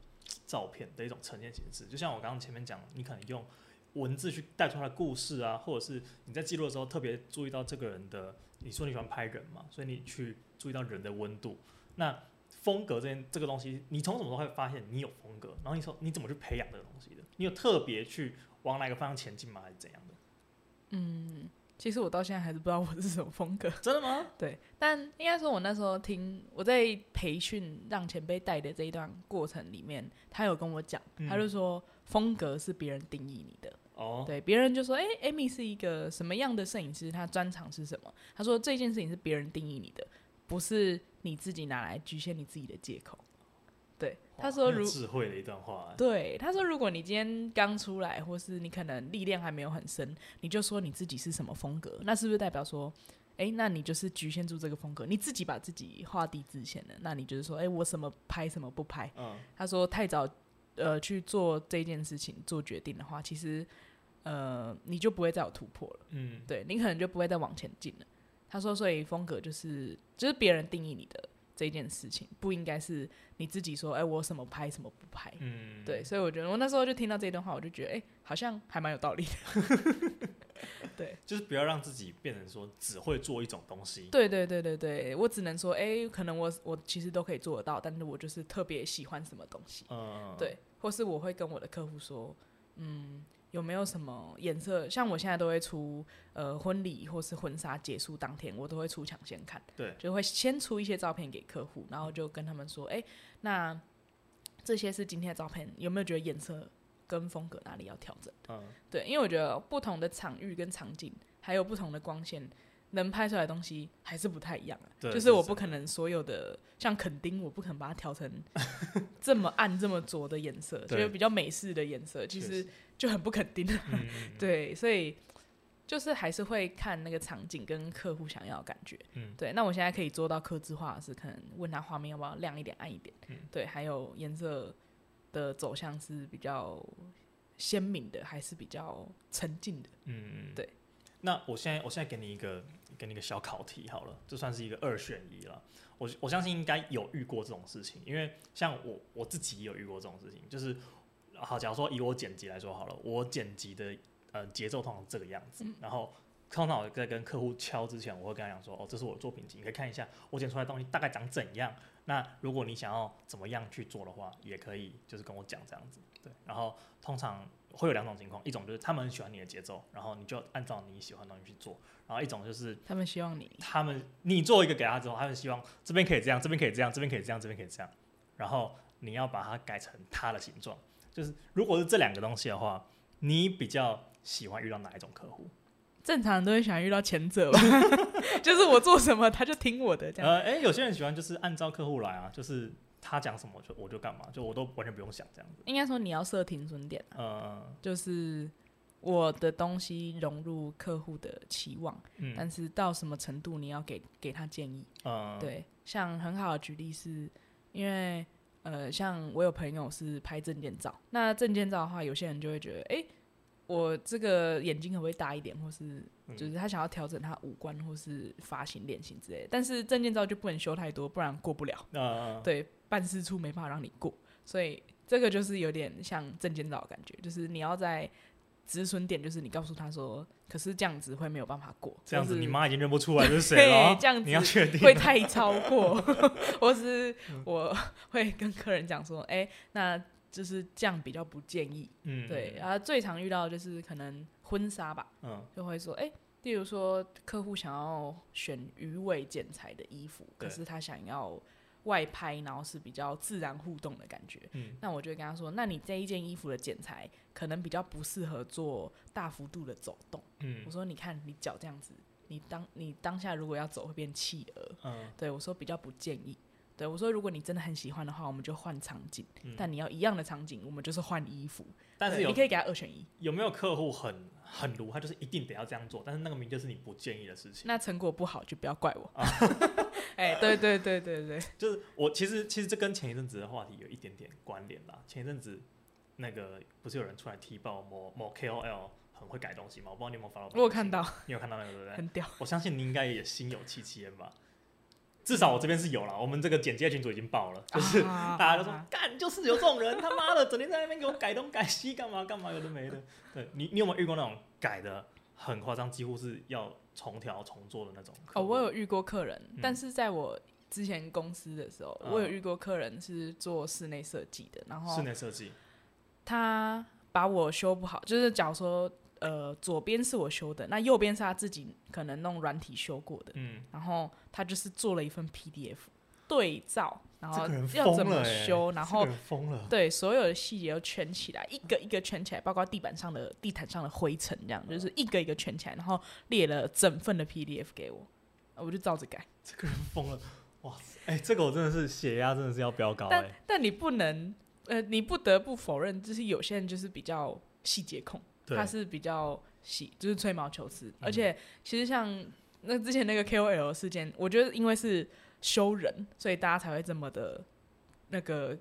照片的一種呈現形式。就像我剛剛前面講，你可能用文字去帶出他的故事啊，或者是你在記錄的時候特別注意到這個人的。你說你喜歡拍人嘛，所以你去注意到人的溫度。那風格這件這個東西，你從什麼時候會發現你有風格？然後你說你怎麼去培養這個東西的？你有特別去往哪個方向前進嗎？還是怎樣的？嗯，其實我到現在還是不知道我是什麼風格。真的嗎？對，但應該說，我那時候聽我在培訓讓前輩帶的這一段過程裡面，他有跟我講，嗯，他就說風格是別人定義你的。Oh. 對，別人就說：“哎、欸，Amy 是一個什麼樣的攝影師？他專長是什麼？”他說：“這件事情是別人定義你的，不是你自己拿來局限你自己的借口。”對，wow, 他說：“那很智慧的一段話，欸。”對，他說：“如果你今天剛出來，或是你可能力量還沒有很深，你就說你自己是什麼風格，那是不是代表說，哎、欸，那你就是局限住這個風格，你自己把自己畫地自限的？那你就是說，哎、欸，我什麼拍什麼不拍？” um. 他說：“太早呃去做這件事情做決定的話，其實。”呃，你就不會再有突破了。嗯，對，你可能就不會再往前進了。他說，所以風格就是，就是別人定義你的這一件事情，不應該是你自己說，哎、欸，我什麼拍，什麼不拍。嗯，對，所以我覺得我那時候就聽到這一段話，我就覺得，哎、欸，好像還蠻有道理的。 對，就是不要讓自己變成說只會做一種東西。對對對對對，我只能說，哎、欸，可能我我其實都可以做得到，但是我就是特別喜歡什麼東西。嗯，對，或是我會跟我的客戶說，嗯。有沒有什麼顏色？像我現在都會出，呃，婚禮或是婚紗結束當天，我都會出搶先看，對，就會先出一些照片給客戶，然後就跟他們說，誒，那這些是今天的照片，有沒有覺得顏色跟風格哪裡要調整？嗯，對，因為我覺得不同的場域跟場景，還有不同的光線。能拍出來的東西還是不太一樣。啊對，就是我不可能所有的，的像墾丁，我不可能把它調成 這麼暗這麼濁的顏色，覺 得比較美式的顏色，其實就很不肯定嗯嗯嗯。對，所以就是還是會看那個場景跟客戶想要的感覺。嗯，對。那我現在可以做到客製化的是，可能問他畫面要不要亮一點、暗一點。嗯、對。還有顏色的走向是比較鮮明的，還是比較沉靜的。嗯，嗯，嗯，對。那我現在，我現在給你一個，給你一個小考題好了，這算是一個二選一了。我我相信應該有遇過這種事情，因為像我我自己也有遇過這種事情，就是好，假如說以我剪輯來說好了，我剪輯的呃節奏通常是這個樣子，然後通常我在跟客戶敲之前，我會跟他講說，哦，這是我的作品集，你可以看一下我剪出來的東西大概長怎樣。那如果你想要怎麼樣去做的話，也可以就是跟我講這樣子，對。然後通常。會有兩種情況，一種就是他們很喜歡你的節奏，然後你就按照你喜歡的東西去做；然後一種就是他們希望你，他們你做一個給他之後，他們希望這邊可以這樣，這邊可以這樣，這邊可以這樣，這邊可以這樣。然後你要把它改成他的形狀。就是如果是這兩個東西的話，你比較喜歡遇到哪一種客戶？正常人都會喜歡遇到前者吧， 就是我做什麼他就聽我的。這樣。呃，誒、欸，有些人喜歡就是按照客戶來啊，就是。他講什麼我就我就幹嘛，就我都完全不用想這樣子。應該說你要設停損點、嗯，就是我的東西融入客戶的期望、嗯，但是到什麼程度你要給給他建議、嗯、對，像很好的舉例是，因為呃，像我有朋友是拍證件照，那證件照的話，有些人就會覺得、欸我這個眼睛可不可以大一點，或是就是他想要調整他五官、嗯、或是髮型、臉型之類的，但是證件照就不能修太多，不然過不了。啊啊啊對，辦事處沒辦法讓你過，所以這個就是有點像證件照的感覺，就是你要在止損點，就是你告訴他說，可是這樣子會沒有辦法過，這樣子你媽已經認不出來 是誰誰了囉， 可以這樣子你要確定會太超過，或 是我會跟客人講說，哎、欸，那。就是這樣比較不建議，嗯、對，然後、啊、最常遇到的就是可能婚紗吧、嗯，就會說，誒，例如說客戶想要選魚尾剪裁的衣服，可是他想要外拍，然後是比較自然互動的感覺，嗯、那我就跟他說，那你這一件衣服的剪裁可能比較不適合做大幅度的走動，嗯、我說你看你腳這樣子，你當你當下如果要走會變企鵝、嗯，對我說比較不建議。我說如果你真的很喜歡的話，我們就換場景。嗯、但你要一樣的場景，我們就是換衣服。但是，是你可以給他二選一。有沒有客戶很很如他就是一定得要這樣做。但是那個名就是你不建議的事情。那成果不好就不要怪我。哎、哦 欸，對對對對對。 就是我其實其實這跟前一陣子的話題有一點點關聯吧。前一陣子那個不是有人出來踢爆某某 KOL 很會改東西嗎？我不知道你有沒有 follow 我有看到，你有看到那個對不對？很屌。我相信你應該也心有戚戚焉吧。 至少我這邊是有啦，我們這個剪接群組已經爆了，就、啊、是大家都說幹，就是有這種人， 他媽的整天在那邊給我改東改西，幹嘛幹嘛有的沒的。對，你你有沒有遇過那種改得很誇張，幾乎是要重調重做的那種？哦，我有遇過客人、嗯，但是在我之前公司的時候，嗯、我有遇過客人是做室內設計的，然後室內設計他把我修不好，就是假如說。呃，左邊是我修的，那右邊是他自己可能弄軟體修過的，嗯，然後他就是做了一份 PDF 對照，然後要怎麼修，這個人瘋了耶，然後，這個人瘋了，對，所有的細節都圈起來，一個一個圈起來，包括地板上的地毯上的灰塵，這樣就是一個一個圈起來，然後列了整份的 PDF 給我，我就照着改。這個人瘋了，哇塞，哎、欸，這個我真的是血壓真的是要飆高。 但但你不能，呃，你不得不否認，就是有些人就是比較細節控。他是比較細，就是吹毛求疵、嗯，而且其實像那之前那個 KOL 事件，我覺得因為是修人，所以大家才會這麼的那個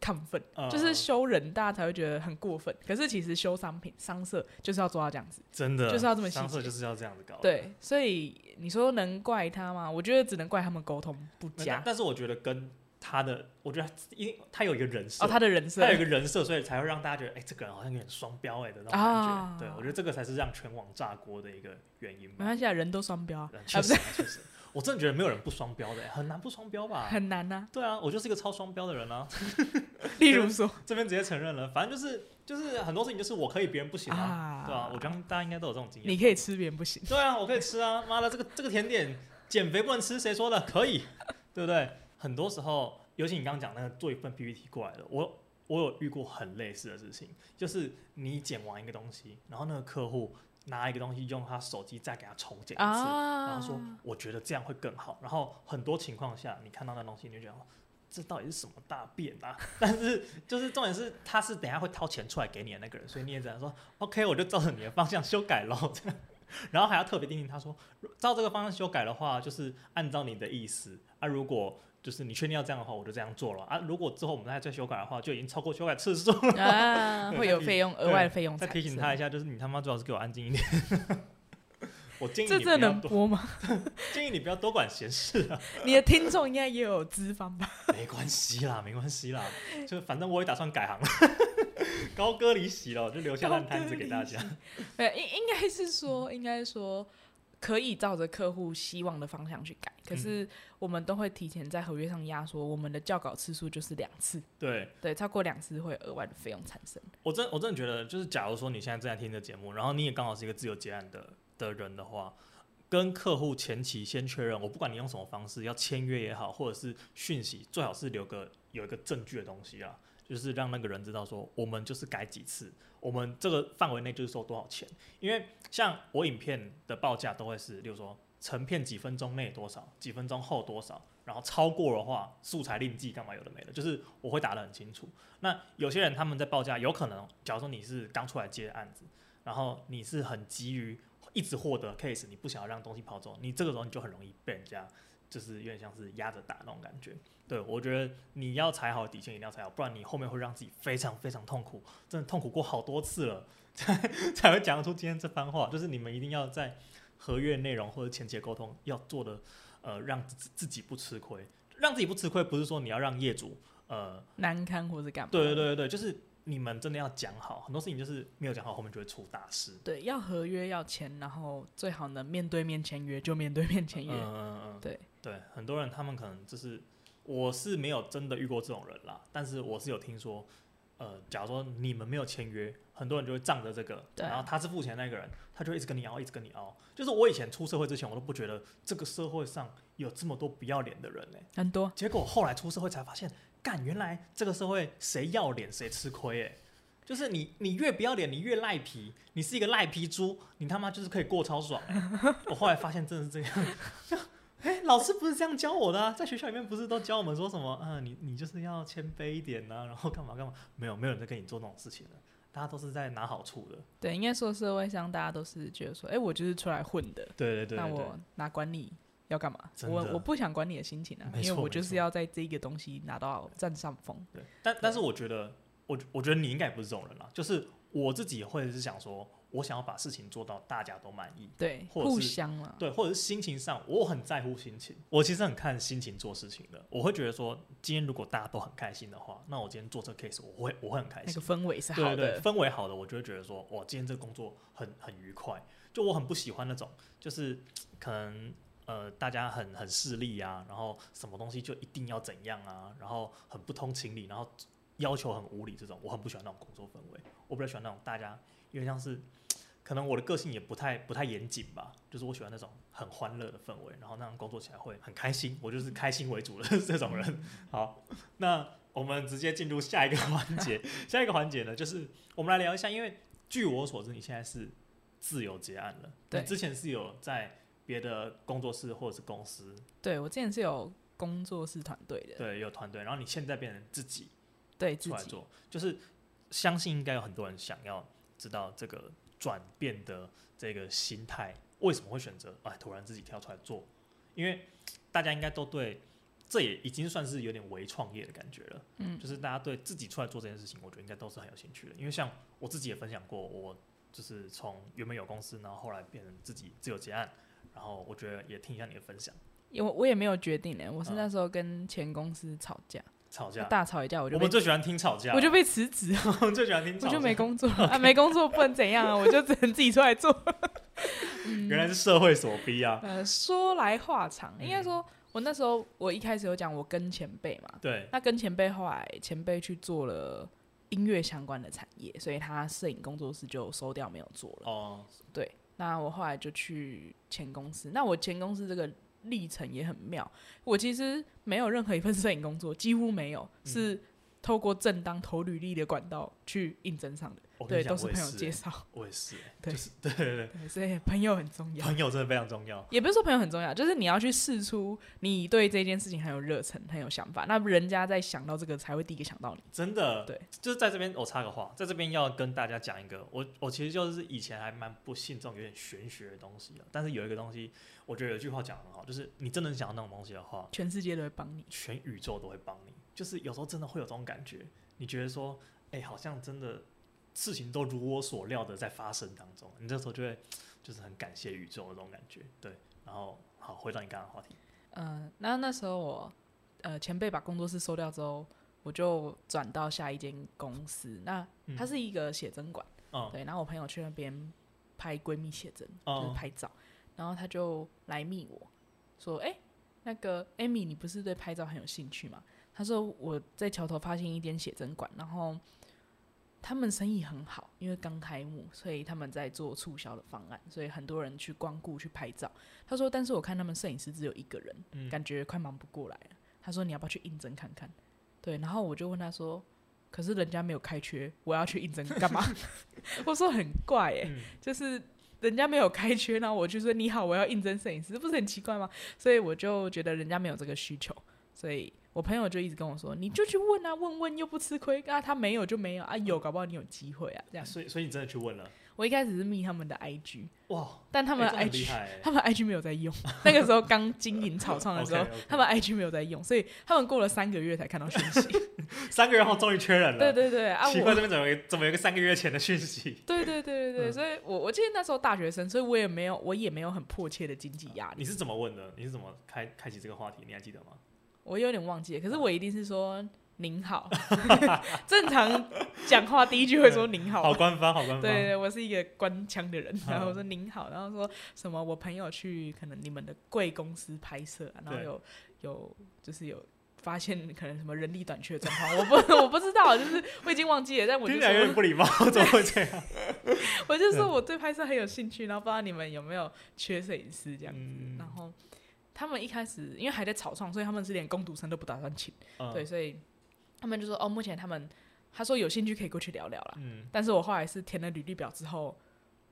亢奮、呃，就是修人，大家才會覺得很過分。可是其實修商品、商攝就是要做到這樣子，真的就是要這麼修。商攝就是要這樣子搞的。對，所以你說能怪他嗎？我覺得只能怪他們溝通不佳但。但是我覺得跟他的，我覺得，因為他有一個人設、哦，他的人設，他有一個人設，所以才會讓大家覺得，哎、欸，這個人好像有點雙標哎、欸、的那種感覺、啊。對，我覺得這個才是讓全網炸鍋的一個原因。沒關係啊，人都雙標啊，確實，啊，確實，確實，我真的覺得沒有人不雙標的、欸，很難不雙標吧？很難啊。對啊，我就是一個超雙標的人啊。 例如說， 這邊直接承認了，反正就是就是很多事情，就是我可以，別人不行啊，啊。對啊，我覺得大家應該都有這種經驗。你可以吃，別人不行。對啊，我可以吃啊！媽 的，這個這個甜點，減肥不能吃，誰說的？可以， 對不對？很多時候，尤其你剛剛講那個做一份 PPT 過來的，我我有遇過很類似的事情，就是你剪完一個東西，然後那個客戶拿一個東西用他手機再給他重剪一次、啊，然後說我覺得這樣會更好。然後很多情況下，你看到那東西你就覺得這到底是什麼大便啊？ 但是就是重點是，他是等下會掏錢出來給你的那個人，所以你也只能說 OK，我就照着你的方向修改嘍。 然後還要特別叮嚀他說，照這個方向修改的話，就是按照你的意思啊，如果就是你確定要這樣的話，我就這樣做了啊！如果之後我們再再修改的話，就已經超過修改次數了啊！會有費用，額外的費用。 再提醒他一下，就是你他媽最好是給我安靜一點。 我建議你這這能播嗎？ 建議你不要多管閒事啊！你的聽眾應該也有資方吧？沒關係啦，沒關係啦，就反正我也打算改行了， 高歌離席了，就留下爛攤子給大家。對， 應應該是說，應該說可以照着客戶希望的方向去改，嗯、可是。我們都會提前在合約上壓縮，我們的校稿次數就是兩次。對對，超過兩次會有額外的費用產生。我真我真的覺得，就是假如說你現在正在聽這個節目，然後你也剛好是一個自由結案的的人的話，跟客戶前期先確認，我不管你用什麼方式，要簽約也好，或者是訊息，最好是留個有一個證據的東西啊，就是讓那個人知道說，我們就是改幾次，我們這個範圍內就是收多少錢。因為像我影片的報價都會是，比如說。成片幾分鐘內多少，幾分鐘後多少，然後超過的話，素材另計幹嘛有的沒的，就是我會打得很清楚。那有些人他們在報價，有可能，假如說你是剛出來接的案子，然後你是很急於一直獲得 case，你不想要讓東西跑走，你這個時候你就很容易被人家就是有點像是壓着打那種感覺。對，我覺得你要踩好底線，一定要踩好，不然你後面會讓自己非常非常痛苦，真的痛苦過好多次了，才才會講出今天這番話，就是你們一定要在。合約內容或者前期的溝通要做的，呃，讓自自己不吃虧，讓自己不吃虧，不是說你要讓業主呃難堪或是幹嘛？對對對，就是你們真的要講好，很多事情就是沒有講好，後面就會出大事。對，要合約要簽，然後最好能面對面簽約，就面對面簽約。嗯嗯嗯，對對，很多人他們可能就是，我是沒有真的遇過這種人啦，但是我是有聽說。呃，假如說你們沒有簽約，很多人就會仗着這個，然後他是付錢那個人，他就一直跟你熬，一直跟你熬。就是我以前出社會之前，我都不覺得這個社會上有這麼多不要臉的人呢、欸。很多。結果後來出社會才發現，幹，原來這個社會誰要臉誰吃虧哎、欸。就是你，你越不要臉，你越賴皮，你是一個賴皮豬，你他媽就是可以過超爽、欸。 我後來發現真的是這樣。 哎、欸，老師不是這樣教我的、啊，在學校裡面不是都教我們說什麼？嗯、呃，你你就是要謙卑一點啊，然後幹嘛幹嘛？沒有，沒有人在跟你做這種事情的，大家都是在拿好處的。對，應該說社會上大家都是覺得說，哎、欸，我就是出來混的，對對對、對。那我拿管理要幹嘛？我我不想管你的心情啊，因為我就是要在這個東西拿到占上風。對，但但是我覺得，我我覺得你應該不是這種人啊。就是我自己會是想說。我想要把事情做到大家都滿意，對，或者是、互相啊，對，或者是心情上，我很在乎心情，我其實很看心情做事情的。我會覺得說，今天如果大家都很開心的話，那我今天做這個 case，我會我會很開心。那個、氛圍是好的，對對，對，氛圍好的，我就會覺得說，哇，今天這個工作很很愉快。就我很不喜歡那種，就是可能呃大家很很勢利啊，然後什麼東西就一定要怎樣啊，然後很不通情理，然後要求很無理這種，我很不喜歡那種工作氛圍。我比較喜歡那種大家，因為像是。可能我的個性也不太不太嚴謹吧，就是我喜歡那種很歡樂的氛圍，然後那樣工作起來會很開心。我就是開心為主的這種人。好，那我們直接進入下一個環節。 下一個環節呢，就是我們來聊一下，因為據我所知，你現在是自由接案了。對，你之前是有在別的工作室或者是公司。對，我之前是有工作室團隊的，對，有團隊。然後你現在變成自己，對自己做，就是相信應該有很多人想要知道這個。轉變的這個心態，為什麼會選擇哎突然自己跳出來做？因為大家應該都對，這也已經算是有點微創業的感覺了，嗯，就是大家對自己出來做這件事情，我覺得應該都是很有興趣的。因為像我自己也分享過，我就是從原本有公司，然後後來變成自己自由結案，然後我覺得也聽一下你的分享。因為我，我也沒有決定呢、欸。我是那時候跟前公司吵架。嗯。吵架，大吵一架，我就被被吵架，我就我們最喜歡聽吵架，我就被辭職，最喜歡聽，我就沒工作了，okay. 啊，沒工作不能怎樣啊， 我就只能自己出來做。 原來是社會所逼啊。嗯、呃，說來話長，應該說我那時候我一開始有講，我跟前輩嘛，對，那跟前輩後來前輩去做了音樂相關的產業，所以他攝影工作室就收掉沒有做了哦。Oh. 對，那我後來就去前公司，那我前公司這個。歷程也很妙。我其實沒有任何一份攝影工作，幾乎沒有、嗯、是透過正當投履歷的管道去應徵上的。對，都是朋友是、欸、介紹，我也是，、欸我也是欸。對，就是、對，對，對，對，所以朋友很重要，朋友真的非常重要。也不是說朋友很重要，就是你要去試出你對這件事情很有熱忱，很有想法，那人家在想到這個才會第一個想到你。真的，對，就是在這邊，我插個話，在這邊要跟大家講一個，我，我其實就是以前還蠻不信這種有點玄學的東西的，但是有一個東西，我覺得有一句話講得很好，就是你真的想要那種東西的話，全世界都會幫你，全宇宙都會幫你。就是有時候真的會有這種感覺，你覺得說，哎、欸，好像真的。事情都如我所料的在發生當中，你這時候就會就是很感謝宇宙的這種感覺，對。然後好，回到你剛剛話題，嗯、呃，那那時候我呃前輩把工作室收掉之後，我就轉到下一間公司，那它是一個寫真館、嗯哦，對。然後我朋友去那邊拍閨蜜寫真、哦，就是拍照，然後他就來密我說，哎、欸，那個 Amy，你不是對拍照很有興趣嗎？他說我在橋頭發現一間寫真館，然後。他們生意很好，因為剛開幕，所以他們在做促銷的方案，所以很多人去光顧去拍照。他說：“但是我看他們攝影師只有一個人，嗯、感覺快忙不過來了。”他說：“你要不要去應徵看看？”對，然後我就問他說：“可是人家沒有開缺，我要去應徵幹嘛？” 我說：“很怪誒、欸嗯，就是人家沒有開缺，然後我就說：你好，我要應徵攝影師，不是很奇怪嗎？所以我就覺得人家沒有這個需求，所以。”我朋友就一直跟我說：“你就去問啊，問問又不吃虧啊，他沒有就沒有啊，有，有搞不好你有機會啊。”這樣，啊、所以所以你真的去問了？我一開始是密他們的 IG，哇，但他們的 IG、欸欸、他們 IG 沒有在用， 那個時候剛經營草創的時候， okay, okay. 他們 IG 沒有在用，所以他們過了三個月才看到訊息， 三個月後終於確認了。 對對對，啊、奇怪，這邊怎麼有怎麼有個三個月前的訊息？對對對對對，對，對、嗯，所以我我記得那時候大學生，所以我也沒有我也沒有很迫切的經濟壓力、啊。你是怎麼問的？你是怎麼開開啟這個話題？你還記得嗎？我有點忘記了，可是我一定是說您好， 正常講話第一句會說您好。好官方，好官方。對，對對，我是一個官腔的人，然後我說您好、啊，然後說什麼我朋友去可能你們的貴公司拍攝、啊，然後有有就是有發現可能什麼人力短缺的狀況，我不我不知道， 就是我已經忘記了，但我就說，說聽起來有點不禮貌， 怎麼會這樣？ 我就說我對拍攝很有興趣，然後不知道你們有沒有缺攝影師這樣子、嗯，然後。他們一開始因為還在草創，所以他們是連工讀生都不打算請、嗯。對，所以他們就說：“哦，目前他們他說有興趣可以過去聊聊了。”嗯，但是我後來是填了履歷表之後，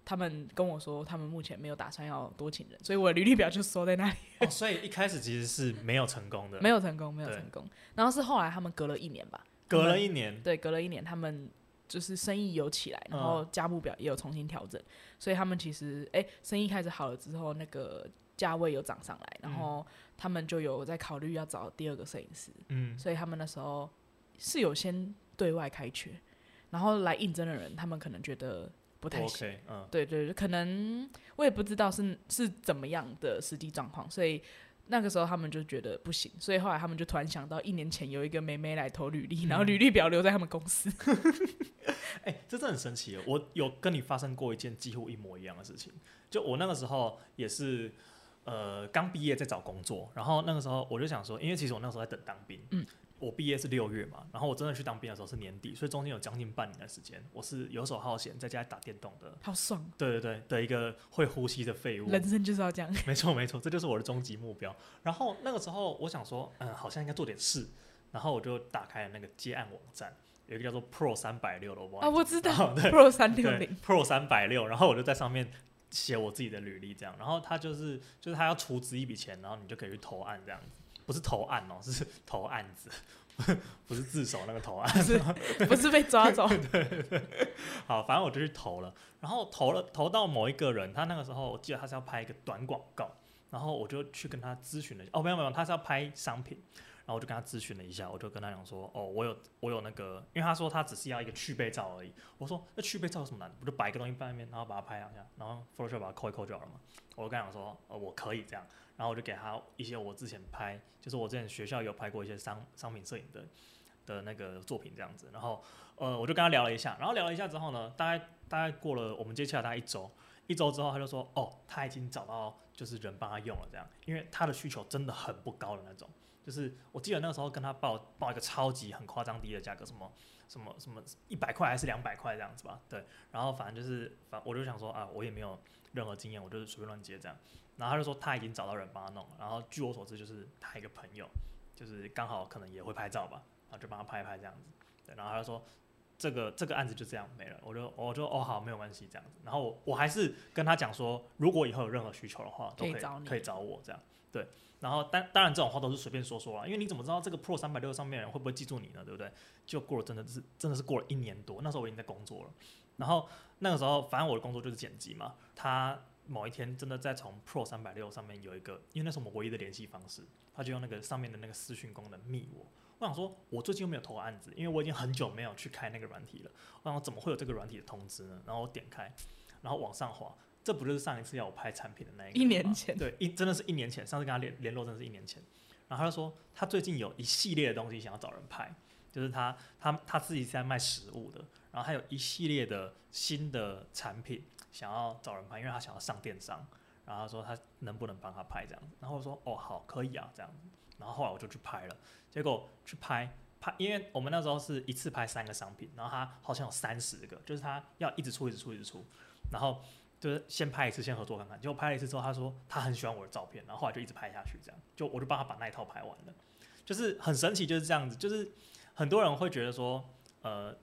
他們跟我說他們目前沒有打算要多請人，所以我的履歷表就收在那裡、嗯哦。所以一開始其實是沒有成功的，嗯、沒有成功，沒有成功。然後是後來他們隔了一年吧，隔了一年，對，隔了一年，他們就是生意有起來，然後價目表也有重新調整、嗯，所以他們其實哎、欸，生意開始好了之後，那個。價位有漲上來，然後他們就有在考慮要找第二個攝影師，嗯，所以他們那時候是有先對外開缺，然後來應徵的人，他們可能覺得不太行，okay, 嗯，對，對對，可能我也不知道是是怎麼樣的實際狀況，所以那個時候他們就覺得不行，所以後來他們就突然想到，一年前有一個妹妹來投履歷，然後履歷表留在他們公司，哎、嗯 欸，這真的很神奇，我有跟你發生過一件幾乎一模一樣的事情，就我那個時候也是。呃，剛畢業在找工作，然後那個時候我就想說，因為其實我那個時候在等當兵，嗯，我畢業是六月嘛，然後我真的去當兵的時候是年底，所以中間有將近半年的時間，我是游手好閒，在家裡打電動的，好爽，啊，對對對，的一個會呼吸的廢物，嗯，人生就是要這樣，沒錯沒錯，這就是我的終極目標。然後那個時候我想說，嗯，好像應該做點事，然後我就打開了那個接案網站，有一個叫做 Pro 三百六的網站啊，我知道，對，Pro 三六零，Pro 三百六，然後我就在上面。寫我自己的履歷這樣，然後他就是就是他要出資一筆錢，然後你就可以去投案這樣子，不是投案哦、喔，是投案子不，不是自首那個投案， 不是被抓走。 對對對，好，反正我就去投了，然後投了投到某一個人，他那個時候我記得他是要拍一個短廣告，然後我就去跟他諮詢了，哦、喔、沒有沒有，他是要拍商品。然後我就跟他諮詢了一下，我就跟他講說：“哦，我有我有那個，因為他說他只是要一個去背照而已。”我說：“那去背照有什麼難的？不就擺個東西放那邊，然後把它拍兩下，然後 photoshop 把它摳一摳就好了嘛。”我就跟他講說：“呃，我可以這樣。”然後我就給他一些我之前拍，就是我之前學校有拍過一些商商品攝影的的那個作品這樣子。然後呃，我就跟他聊了一下，然後聊了一下之後呢，大概大概過了我們接下來大概一周，一周之後他就說：“哦，他已經找到就是人幫他用了這樣，因為他的需求真的很不高的那種。”就是我記得那個時候跟他報報一個超級很誇張低的價格，什麼什麼什麼一百塊還是兩百塊這樣子吧，對。然後反正就是，反我就想說啊，我也沒有任何經驗，我就是隨便亂接這樣。然後他就說他已經找到人幫他弄了，然後據我所知就是他一個朋友，就是剛好可能也會拍照吧，然後就幫他拍一拍這樣子。對，然後他就說這個這個案子就這樣沒了，我就我就哦好，沒有關係這樣子。然後我，我還是跟他講說，如果以後有任何需求的話，都可以可以，可以找我這樣。對，然後當當然這種話都是隨便說說啦，因為你怎麼知道這個 Pro 三百六上面人會不會記住你呢？對不對？就過了，真的是真的是過了一年多，那時候我已經在工作了。然後那個時候，反正我的工作就是剪輯嘛。他某一天真的在從 Pro 三百六上面有一個，因為那是我們唯一的聯繫方式，他就用那個上面的那個私訊功能密我。我想說，我最近又沒有投案子，因為我已經很久沒有去開那個軟體了。我想說怎麼會有這個軟體的通知呢？然後我點開，然後往上滑。這不就是上一次要我拍產品的那一,一年前，對，一真的是一年前，上次跟他聯聯絡真的是一年前。然後他就說，他最近有一系列的東西想要找人拍，就是他他他自己是在賣食物的，然後還有一系列的新的產品想要找人拍，因為他想要上電商。然後他說，他能不能幫他拍這樣子？然後我說，哦，好，可以啊這樣子。然後後來我就去拍了，結果去拍拍，因為我們那時候是一次拍三個商品，然後他好像有三十個，就是他要一直出，一直出，一直出，一直出然後。就是先拍一次，先合作看看。結果拍了一次之後，他說他很喜歡我的照片，然後後來就一直拍下去，這樣就我就幫他把那一套拍完了。就是很神奇，就是這樣子。就是很多人會覺得說，呃，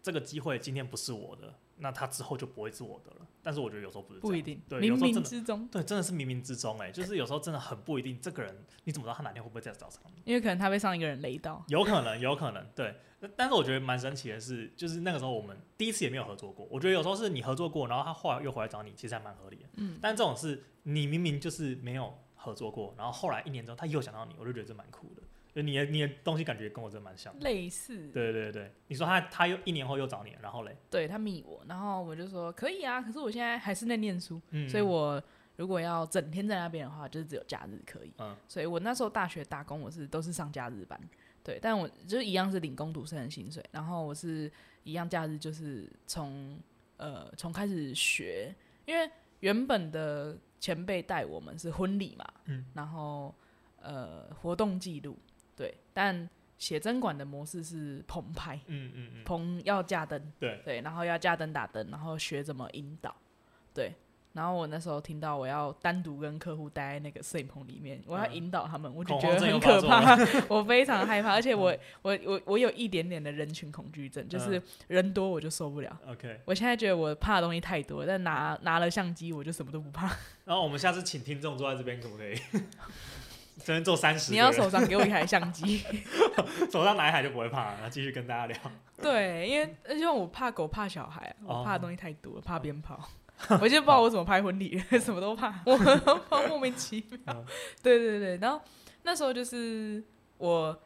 這個機會今天不是我的，那他之後就不會是我的了。但是我覺得有時候不是這樣，不一定，對，冥冥之中，對，真的是冥冥之中、欸。哎，就是有時候真的很不一定。這個人你怎麼知道他哪天會不會再找上你？因為可能他被上一個人雷到，有可能，有可能，對。但是我覺得蠻神奇的是，就是那個時候我們第一次也沒有合作過。我覺得有時候是你合作過，然後他後來又回來找你，其實還蠻合理的。嗯。但這種事你明明就是沒有合作過，然後後來一年之後他又想到你，我就覺得這蠻酷的。就你的你的東西感覺跟我真的蠻像的。類似。對對對。你說他他又一年後又找你，然後嘞？對他密我，然後我就說可以啊，可是我現在還是在念書，嗯嗯，所以我如果要整天在那邊的話，就是只有假日可以。嗯。所以我那時候大學打工，我是都是上假日班。對，但我就一樣是領工讀生的薪水，然後我是一樣假日就是從呃從開始學，因為原本的前輩帶我們是婚禮嘛，嗯，然後呃活動記錄，對，但寫真館的模式是棚拍，棚，嗯嗯嗯，要架燈，對對，然後要架燈打燈，然後學怎麼引導，對。然後我那時候聽到我要單獨跟客戶待在那個攝影棚裡面，嗯、我要引導他們，我就覺得很可怕， 我非常害怕，而且我、嗯、我我我有一點點的人群恐懼症，就是人多我就受不了。嗯、OK，我現在覺得我怕的東西太多，但拿拿了相機我就什麼都不怕。然後我們下次請聽眾坐在這邊可不可以？只 能坐三十。你要手上給我一台相機， 手上哪一台就不會怕，然後繼續跟大家聊。對，因為因為我怕狗，怕小孩，我怕的東西太多了、哦，怕鞭炮。嗯 我就不知道我怎麼拍婚禮， 什麼都怕， 我怕莫名其妙、 嗯。對對對，然後那時候就是我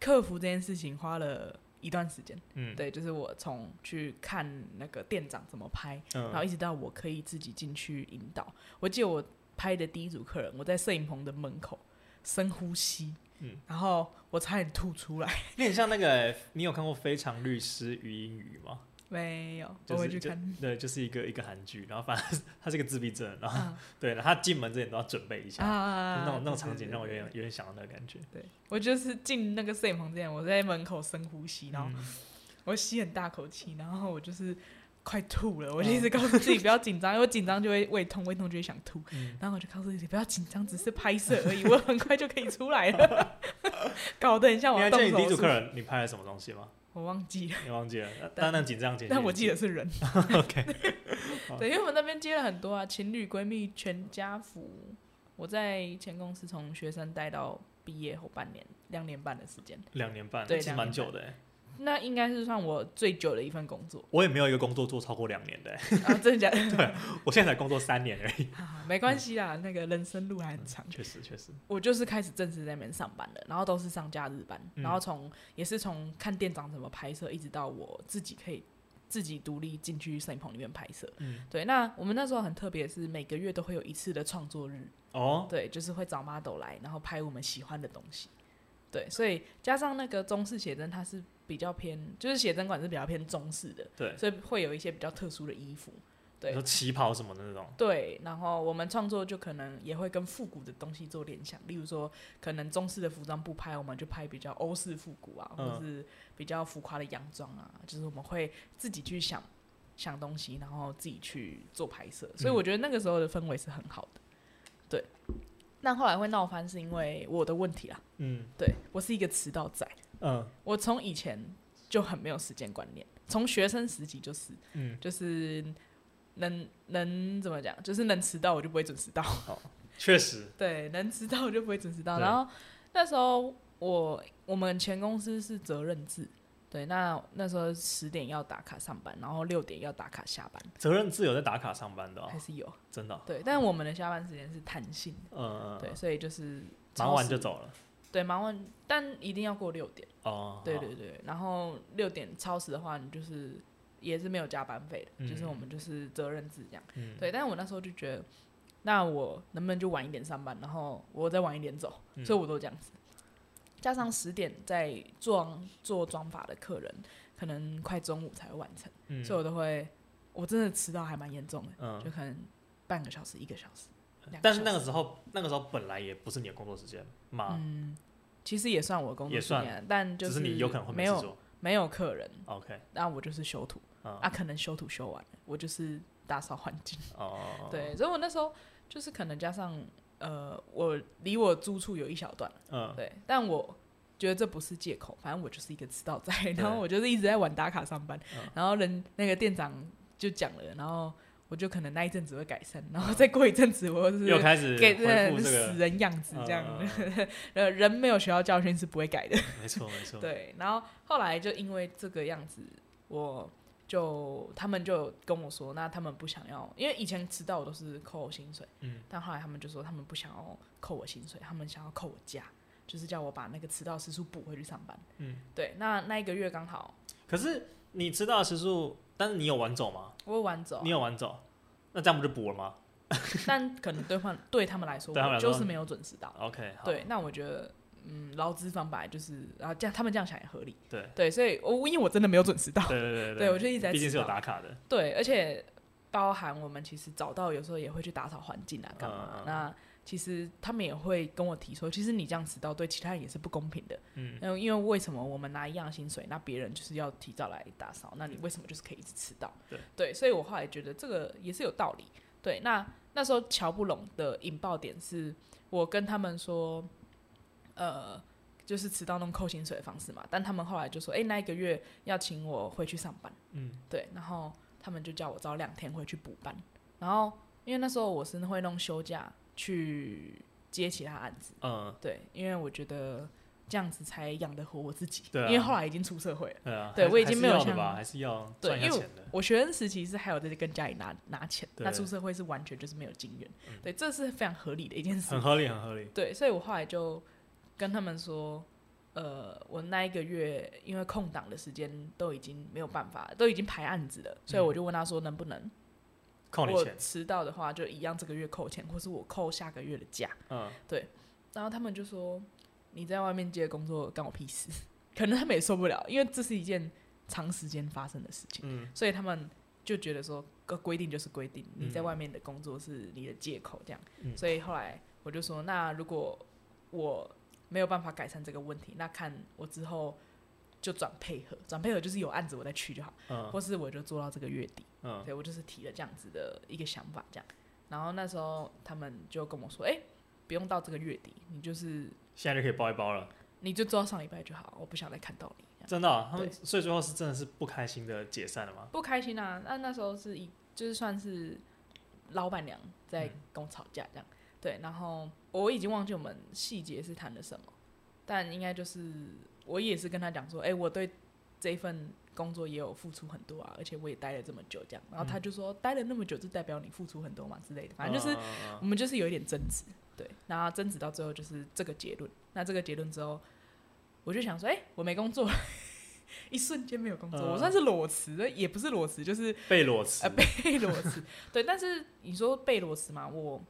克服這件事情花了一段時間。嗯，對，就是我從去看那個店長怎麼拍、嗯，然後一直到我可以自己進去引導。我記得我拍的第一組客人，我在攝影棚的門口深呼吸，嗯，然後我差點吐出來。有點像那個、欸， 你有看過《非常律師禹英禑》嗎？沒有，就會、是、去看。對，就是一個一個韓劇，然後反正他是，是個自閉症，然後、啊、對，然後他進門之前都要準備一下，啊、那種那種場景讓我有點有點想到那個感覺。對，我就是進那個攝影棚之前，我在門口深呼吸，然後我吸很大口氣，然後我就是快吐了，我就一直告訴自己不要緊張，哦、因為我緊張就會胃痛，胃、哦、痛就會想吐、嗯，然後我就告訴自己不要緊張，只是拍攝而已， 我很快就可以出來了。 搞得很像我要動手術。你要還見第一組客人？你拍了什麼東西嗎？我忘記了，你忘記了，但但緊張，緊但我記得是人。OK， 對， 對，因為我們那邊接了很多啊，情侶、閨蜜、全家福。我在前公司從學生待到畢業後半年、兩年半的時間。兩年半，對，其實蠻久的、欸那應該是算我最久的一份工作，我也沒有一個工作做超過兩年的，欸啊。真的假的？對，我現在才工作三年而已。 好好沒關係啦，嗯，那個人生路還很長，嗯。確實，確實。我就是開始正式在那邊上班了，然後都是上假日班，嗯，然後從也是從看店長怎麼拍攝，一直到我自己可以自己獨立進去攝影棚裡面拍攝。嗯，對。那我們那時候很特別，是每個月都會有一次的創作日哦，嗯，對，就是會找 model 來，然後拍我們喜歡的東西。對，所以加上那個中式寫真，它是比較偏，就是寫真館是比較偏中式的，對，所以會有一些比較特殊的衣服，對，說旗袍什麼的那種，對。然後我們創作就可能也會跟復古的東西做聯想，例如說，可能中式的服裝不拍，我們就拍比較歐式復古啊、嗯，或是比較浮誇的洋裝啊，就是我們會自己去想想東西，然後自己去做拍攝。所以我覺得那個時候的氛圍是很好的，嗯、對。那後來會鬧翻是因為我的問題啦，嗯，對我是一個遲到仔，嗯、呃，我從以前就很沒有時間觀念，從學生時期就是，嗯，就是能能怎麼講，就是能遲到我就不會準時到，嗯、 確實，對，能遲到我就不會準時到，然後那時候我我們前公司是責任制。對，那那時候十點要打卡上班，然後六點要打卡下班。責任制有在打卡上班的、哦，還是有，真的、哦。對，但我們的下班時間是彈性的。嗯、呃。對，所以就是忙完就走了。對，忙完，但一定要過六點。哦。對對對，然後六點超時的話，你就是也是沒有加班費的、嗯。就是我們就是責任制這樣。嗯、對，但是我那時候就覺得，那我能不能就晚一點上班，然後我再晚一點走？嗯、所以我都這樣子。加上十點在做妝、做妝髮的客人，可能快中午才會完成、嗯，所以我都會我真的遲到還蠻嚴重的，嗯、就可能半個小時、一個小時、兩個小時。但是那個時候，那個時候本來也不是你的工作時間嘛，嗯、其實也算我的工作時間、啊。但就是，是你有可能會沒有沒有客人，OK，那我就是修圖、嗯，啊，可能修圖修完，我就是打掃環境，oh. 對，所以我那時候就是可能加上。呃，我離我住處有一小段，嗯，對，但我覺得這不是借口，反正我就是一個遲到仔，然後我就是一直在晚打卡上班，嗯、然後人那個店長就講了，然後我就可能那一陣子會改善、嗯，然後再過一陣子我又，是是又開始給這個嗯、死人樣子這樣，嗯嗯、 人沒有學到教訓是不會改的，嗯、沒錯沒錯，對，然後後來就因為這個樣子我。就他們就跟我說，那他們不想要，因為以前遲到我都是扣我薪水，嗯，但後來他們就說他們不想要扣我薪水，他們想要扣我假，就是叫我把那個遲到時數補回去上班，嗯，對，那那一個月剛好。可是你遲到時數，但是你有晚走嗎？我有晚走，你有晚走，那這樣不就補了嗎？但可能對換對他們來說， 啊，我就是沒有準時到。OK，對，那我覺得。嗯，勞資雙方本來就是，然、啊、後這樣他們這樣想也合理。對對，所以我、哦、因為我真的沒有準時到、嗯，對對對，對我就一直在。畢竟是有打卡的。對，而且包含我們其實早到，有時候也會去打掃環境啊，幹、嗯、嘛、嗯？那其實他們也會跟我提說，其實你這樣遲到對其他人也是不公平的。嗯，因為為什麼我們拿一樣薪水，那別人就是要提早來打掃，那你為什麼就是可以一直遲到？嗯、對對，所以我後來覺得這個也是有道理。對，那那時候喬不攏的引爆點是我跟他們說。呃，就是遲到弄扣薪水的方式嘛，但他們後來就說：“哎、欸，那一個月要請我回去上班。”嗯，對，然後他們就叫我早兩天回去補班。然後因為那時候我是會弄休假去接其他案子。嗯，對，因為我覺得這樣子才養得活我自己。對、嗯，因為後來已經出社會了。對、啊、對我已經沒有錢還是要，的還是要賺錢的，對，因為我，我學生時期是還有在跟家裡拿拿錢對，那出社會是完全就是沒有經驗、嗯。對，這是非常合理的一件事情，很合理，很合理。對，所以我後來就。跟他們說，呃，我那一個月因為空檔的時間都已經沒有辦法，都已經排案子了，所以我就問他說，能不能？我、嗯、遲到的話，就一樣這個月扣錢，或是我扣下個月的假。嗯，對。然後他們就說，你在外面接工作干我屁事？可能他們也受不了，因為這是一件長時間發生的事情、嗯，所以他們就覺得說，個規定就是規定、嗯，你在外面的工作是你的借口，這樣、嗯。所以後來我就說，那如果我。沒有辦法改善這個問題，那看我之後就轉配合，轉配合就是有案子我再去就好，嗯，或是我就做到這個月底，嗯，對，我就是提了這樣子的一個想法，這樣，然後那時候他們就跟我說，哎、欸，不用到這個月底，你就是現在就可以包一包了，你就做到上禮拜就好，我不想再看到你，真的、啊，他們所以最後是真的是不開心的解散了嗎？不開心啊，那那時候是一就是算是老闆娘在跟我吵架這樣。嗯對，然後我已經忘記我們細節是談的什麼，但應該就是我也是跟他講說，哎、欸，我對這份工作也有付出很多啊，而且我也待了這麼久，這樣。然後他就說、嗯，待了那麼久就代表你付出很多嘛之類的，反正就是我們就是有一點爭執、啊啊啊啊。對，然後爭執到最後就是這個結論。那這個結論之後，我就想說，哎、欸，我沒工作了， 一瞬間沒有工作，啊、我算是裸辭，也不是裸辭，就是被裸辭，被、呃、裸辭。 對，但是你說被裸辭嘛，我。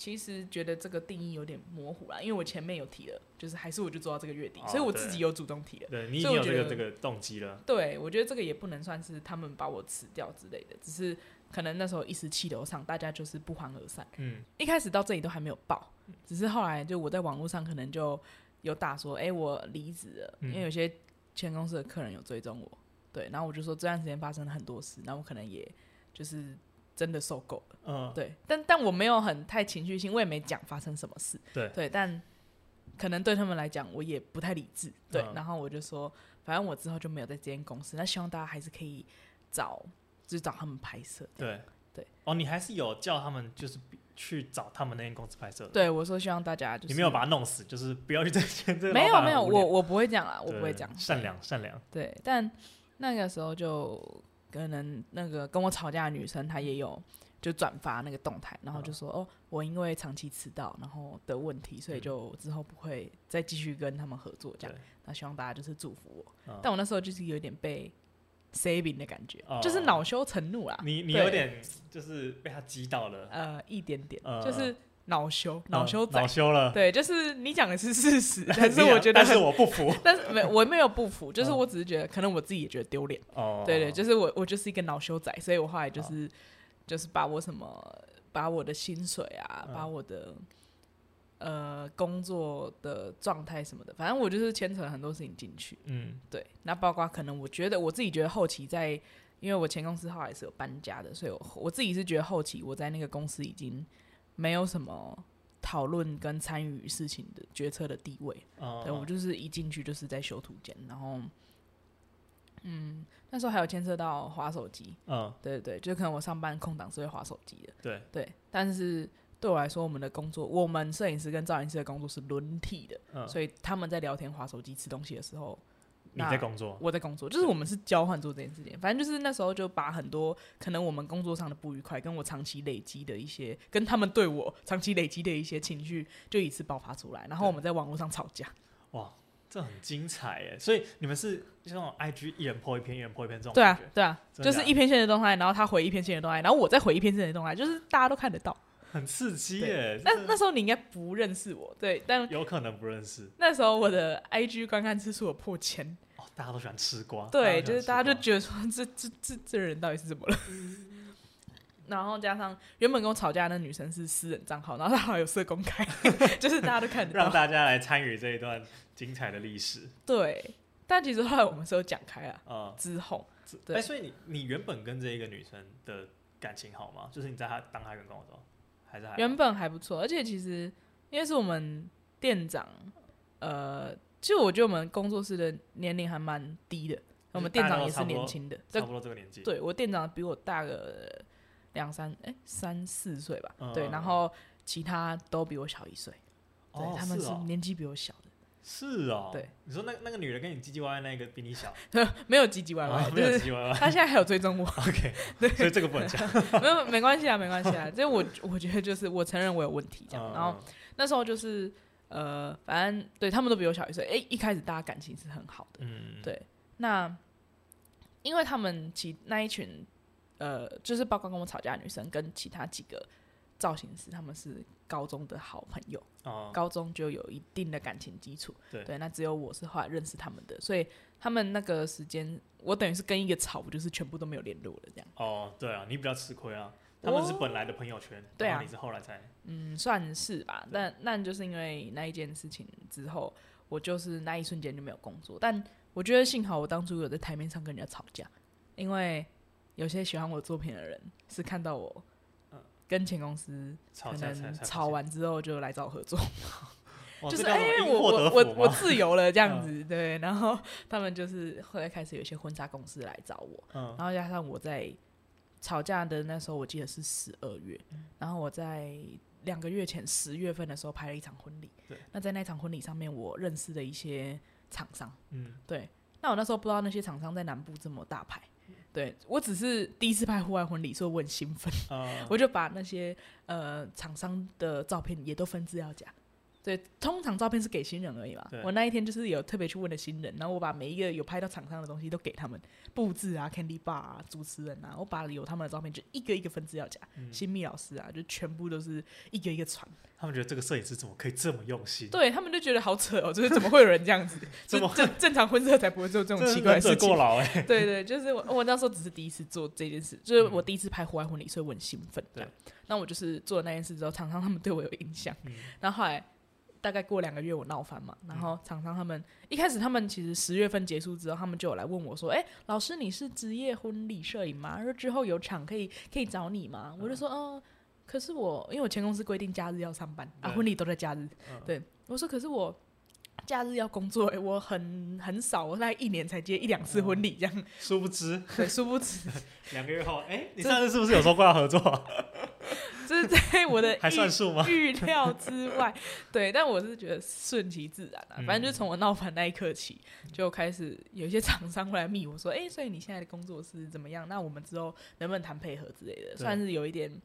其實覺得這個定義有點模糊了，因為我前面有提了，就是還是我就做到這個月底、哦，所以我自己有主動提了。對覺得你已經有這有這個、這個、動機了？對我覺得這個也不能算是他們把我辭掉之類的，只是可能那時候一時氣頭上，大家就是不歡而散。嗯，一開始到這裡都還沒有報，只是後來就我在網絡上可能就有打說，哎、欸，我離職了、嗯，因為有些前公司的客人有追蹤我。對，然後我就說這段時間發生了很多事，那我可能也就是。真的受夠了，嗯，對，但但我沒有很太情緒性，我也沒講發生什麼事，對，對，但可能對他們來講，我也不太理智，對、嗯，然後我就說，反正我之後就沒有在這間公司，那希望大家還是可以找，就是找他們拍攝，對，對，哦，你還是有叫他們，就是去找他們那間公司拍攝，對，我說希望大家就是你沒有把他弄死，就是不要去這間， 沒有沒有，我我不會這樣啊，我不會這樣，善良善良，對，但那個時候就。可能那個跟我吵架的女生，嗯、她也有就轉發那個動態，然後就說：“哦，哦我因為長期遲到，然後的問題，所以就之後不會再繼續跟他們合作這樣。嗯”那希望大家就是祝福我、哦，但我那時候就是有點被 saving 的感覺，哦、就是惱羞成怒啊！你你有點就是被他激到了，呃，一點點，呃、就是。惱羞、嗯、惱羞，惱羞了。對，就是你講的是事實，但是我覺得、 啊，但是我不服。但是沒， 我沒有不服，就是我只是覺得，嗯、可能我自己也覺得丟臉。哦、嗯，對，對對，就是我，我就是一個惱羞仔，所以我後來就是，嗯、就是把我什麼，把我的薪水啊，嗯、把我的呃工作的狀態什麼的，反正我就是牽扯了很多事情進去。嗯，對。那包括可能我覺得我自己覺得後期在，因為我前公司後來是有搬家的，所以我我自己是覺得後期我在那個公司已經。沒有什麼討論跟參與事情的決策的地位，oh. 對，我就是一進去就是在修圖間，然後，嗯，那時候還有牽涉到滑手機，oh. 對對，就可能我上班空檔是會滑手機的，對對，但是對我來說，我們的工作，我們攝影師跟造型師的工作是輪替的，oh. 所以他們在聊天、滑手機、吃東西的時候，你在工作，我在工作，就是我們是交換做這件事情。反正就是那時候就把很多可能我們工作上的不愉快，跟我長期累積的一些，跟他們對我長期累積的一些情緒，就一次爆發出來，然後我們在網絡上吵架。哇，這很精彩耶！所以你們是就那種 IG 一人 PO 一篇，一人 PO 一,一,一篇這種。對啊，對啊，就是一篇限時動態，然後他回一篇限時動態，然後我再回一篇限時動態，就是大家都看得到。很刺激耶、欸！那那時候你應該不認識我，對，但有可能不認識。那時候我的 IG 觀看次數有破千哦，大家都喜歡吃瓜。對光，就是大家就覺得說這這這這人到底是怎麼了、嗯？然後加上原本跟我吵架的那女生是私人賬號，然後她好像有設公開， 就是大家都看到 讓大家來參與這一段精彩的歷史。對，但其實後來我們是有講開了啊、嗯。之後，哎、欸，所以你你原本跟這一個女生的感情好嗎？就是你在她當她跟跟我說。還還原本還不錯，而且其實因為是我們店長，呃，就我覺得我們工作室的年齡還蠻低的，我們店長也是年輕的，差不多這個年紀。對我店長比我大個兩三，哎、欸，三四歲吧、嗯。對，然後其他都比我小一歲、哦，對，他們是年紀比我小的。是哦，對，你說那那個女人跟你唧唧歪歪，那個比你小，沒有唧唧歪歪，哦就是、沒有唧唧歪歪，她現在還有追蹤我，OK，對，所以這個不能講，呃、 沒有沒關係啊，沒關係啊，所以 我我覺得就是我承認我有問題這樣，嗯、然後、嗯、那時候就是呃，反正對，他們都比我小一歲，誒，一開始大家感情是很好的，嗯，對，那因為他們其那一群呃，就是包括跟我吵架女生跟其他幾個。造型師，他們是高中的好朋友，哦，高中就有一定的感情基礎，對，對，那只有我是後來認識他們的，所以他們那個時間，我等於是跟一個吵，我就是全部都沒有聯絡了，這樣。哦，對啊，你比較吃虧啊，他們是本來的朋友圈，對、哦、啊，你是後來才、啊，嗯，算是吧。但那就是因為那一件事情之後，我就是那一瞬間就沒有工作，但我覺得幸好我當初有在台面上跟人家吵架，因為有些喜歡我作品的人是看到我。跟前公司可能吵完之後就來找我合作， 就是哎、欸，我我我自由了這樣子、嗯、對，然後他們就是後來開始有一些婚紗公司來找我、嗯，然後加上我在吵架的那時候，我記得是十二月、嗯，然後我在兩個月前十月份的時候拍了一場婚禮，那在那場婚禮上面我認識的一些廠商，嗯，對，那我那時候不知道那些廠商在南部這麼大牌。對，我只是第一次拍戶外婚禮，所以我很興奮，oh. 我就把那些呃廠商的照片也都分資料夾。對，通常照片是給新人而已嘛。我那一天就是有特別去問了新人，然後我把每一個有拍到場上的東西都給他們布置啊，Candy Bar 啊，主持人啊，我把有他們的照片就一個一個分資料夾、嗯。新秘老師啊，就全部都是一個一個傳。他們覺得這個攝影師怎麼可以這麼用心？對他們就覺得好扯哦，就是怎麼會有人這樣子？這 麼正正常婚攝才不會做這種奇怪的事情過勞哎、欸。對,對對，就是我我那時候只是第一次做這件事，就是我第一次拍戶外婚禮，所以我很興奮、嗯。對。那我就是做了那件事之後，常常他們對我有印象。嗯。然後後來。大概過兩個月我鬧翻嘛，然後廠商他們、嗯、一開始他們其實十月份結束之後，他們就有來問我說：“哎、欸，老師你是職業婚禮攝影嗎？他說：‘之後有場可以可以找你嗎？”嗯、我就說：“嗯、呃，可是我因為我前公司規定假日要上班啊，婚禮都在假日。對”對、嗯、我說：“可是我。”假日要工作、欸，我很很少，我大概一年才接一兩次婚禮這樣、嗯。殊不知， 對，殊不知，兩個月後，哎、欸，你上次是不是有說過要合作、啊？這是在我的預料之外，對，但我是覺得順其自然啊，嗯、反正就從我鬧翻那一刻起，就開始有些廠商過來密我說，哎、欸，所以你現在的工作是怎麼樣？那我們之後能不能談配合之類的？算是有一點。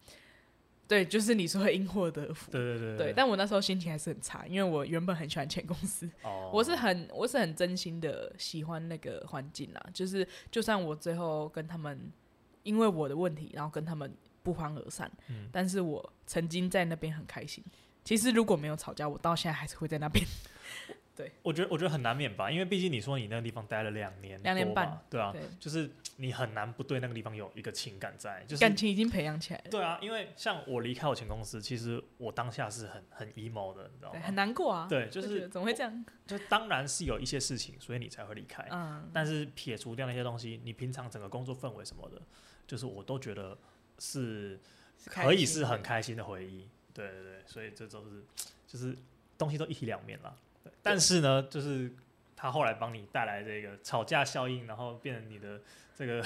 對，就是你說因禍得福。對對，對對對。對，但我那時候心情還是很差，因為我原本很喜歡前公司，哦、我是很我是很真心的喜歡那個環境啦。就是就算我最後跟他們因為我的問題，然後跟他們不歡而散、嗯，但是我曾經在那邊很開心。其實如果沒有吵架，我到現在還是會在那邊。 對，我覺得我覺得很難免吧，因為畢竟你說你那個地方待了兩年，兩年半，對啊，對，就是你很難不對那個地方有一個情感在，就是感情已經培養起來了。對啊，因為像我離開我前公司，其實我當下是很很 emo 的，你知道嗎？很難過啊。對，就是怎麼會這樣？就當然是有一些事情，所以你才會離開。嗯，但是撇除掉那些東西，你平常整個工作氛圍什麼的，就是我都覺得是可以是很開心的回憶。對對對，所以這都是，就是就是東西都一體兩面了。但是呢，就是他後來幫你帶來這個吵架效應，然後變成你的這個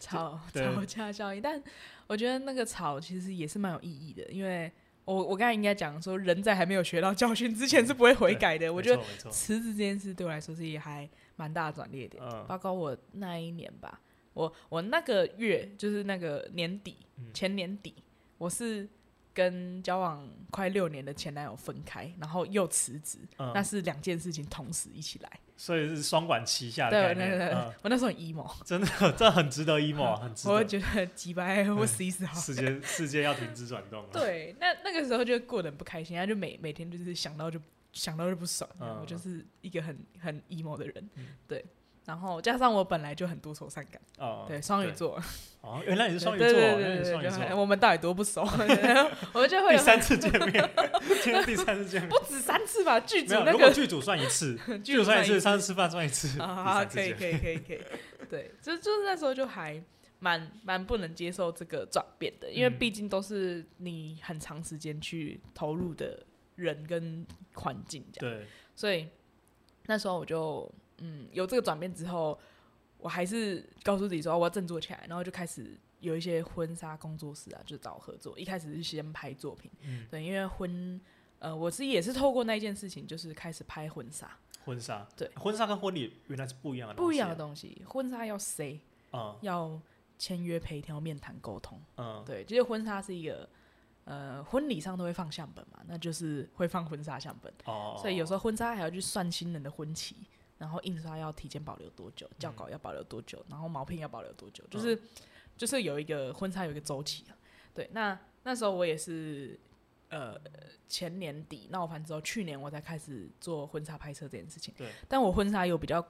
吵、嗯、 吵架效應。但我覺得那個吵其實也是蠻有意義的，因為我我剛才應該講說，人在還沒有學到教訓之前是不會悔改的。我覺得辭職這件事對我來說是也還蠻大的轉捩點、嗯。包括我那一年吧，我我那個月就是那個年底、嗯、前年底，我是。跟交往快六年的前男友分開，然後又辭職、嗯，那是兩件事情同時一起來，所以是雙管齊下的。對，我那時候我那時候很 emo，真的， 這很值得 emo，、嗯、很值得。我覺得幾百我死一死好、嗯、時好。世界世界要停止轉動了。 對，那那個時候就過得很不開心，然後就每每天就是想到就想到就不爽、嗯，我就是一個很很 emo 的人，嗯、對。然後加上我本來就很多愁善感，哦，對，雙魚座，哦，原來你是雙魚座，對對對，我們到底多不熟？ 我們就會有三次見面，第三次見面， 三次見面不止三次吧？劇組那個劇組算， 算一次，劇組算一次，三次吃飯算一次，啊，可以可以可以可以，可以可以可以 對，就就是那時候就還蠻蠻不能接受這個轉變的，嗯、因為畢竟都是你很長時間去投入的人跟環境這樣，對，所以那時候我就。嗯，有這個轉變之後，我還是告訴自己說、哦、我要振作起來，然後就開始有一些婚紗工作室啊，就找合作。一開始是先拍作品，嗯、對，因為婚呃，我是也是透過那一件事情，就是開始拍婚紗。婚紗對，婚紗跟婚禮原來是不一樣的東西、啊，不一樣的東西。婚紗要塞啊、嗯，要簽約、陪挑面談、溝通，嗯，對，就是婚紗是一個呃，婚禮上都會放相本嘛，那就是會放婚紗相本哦，所以有時候婚紗還要去算新人的婚期，然後印刷要提前保留多久？校稿要保留多久？嗯、然後毛片要保留多久？就是、嗯，就是有一個婚紗有一個周期、啊、對，那那時候我也是，呃，前年底鬧翻之後，去年我才開始做婚紗拍攝這件事情。對，但我婚紗又比較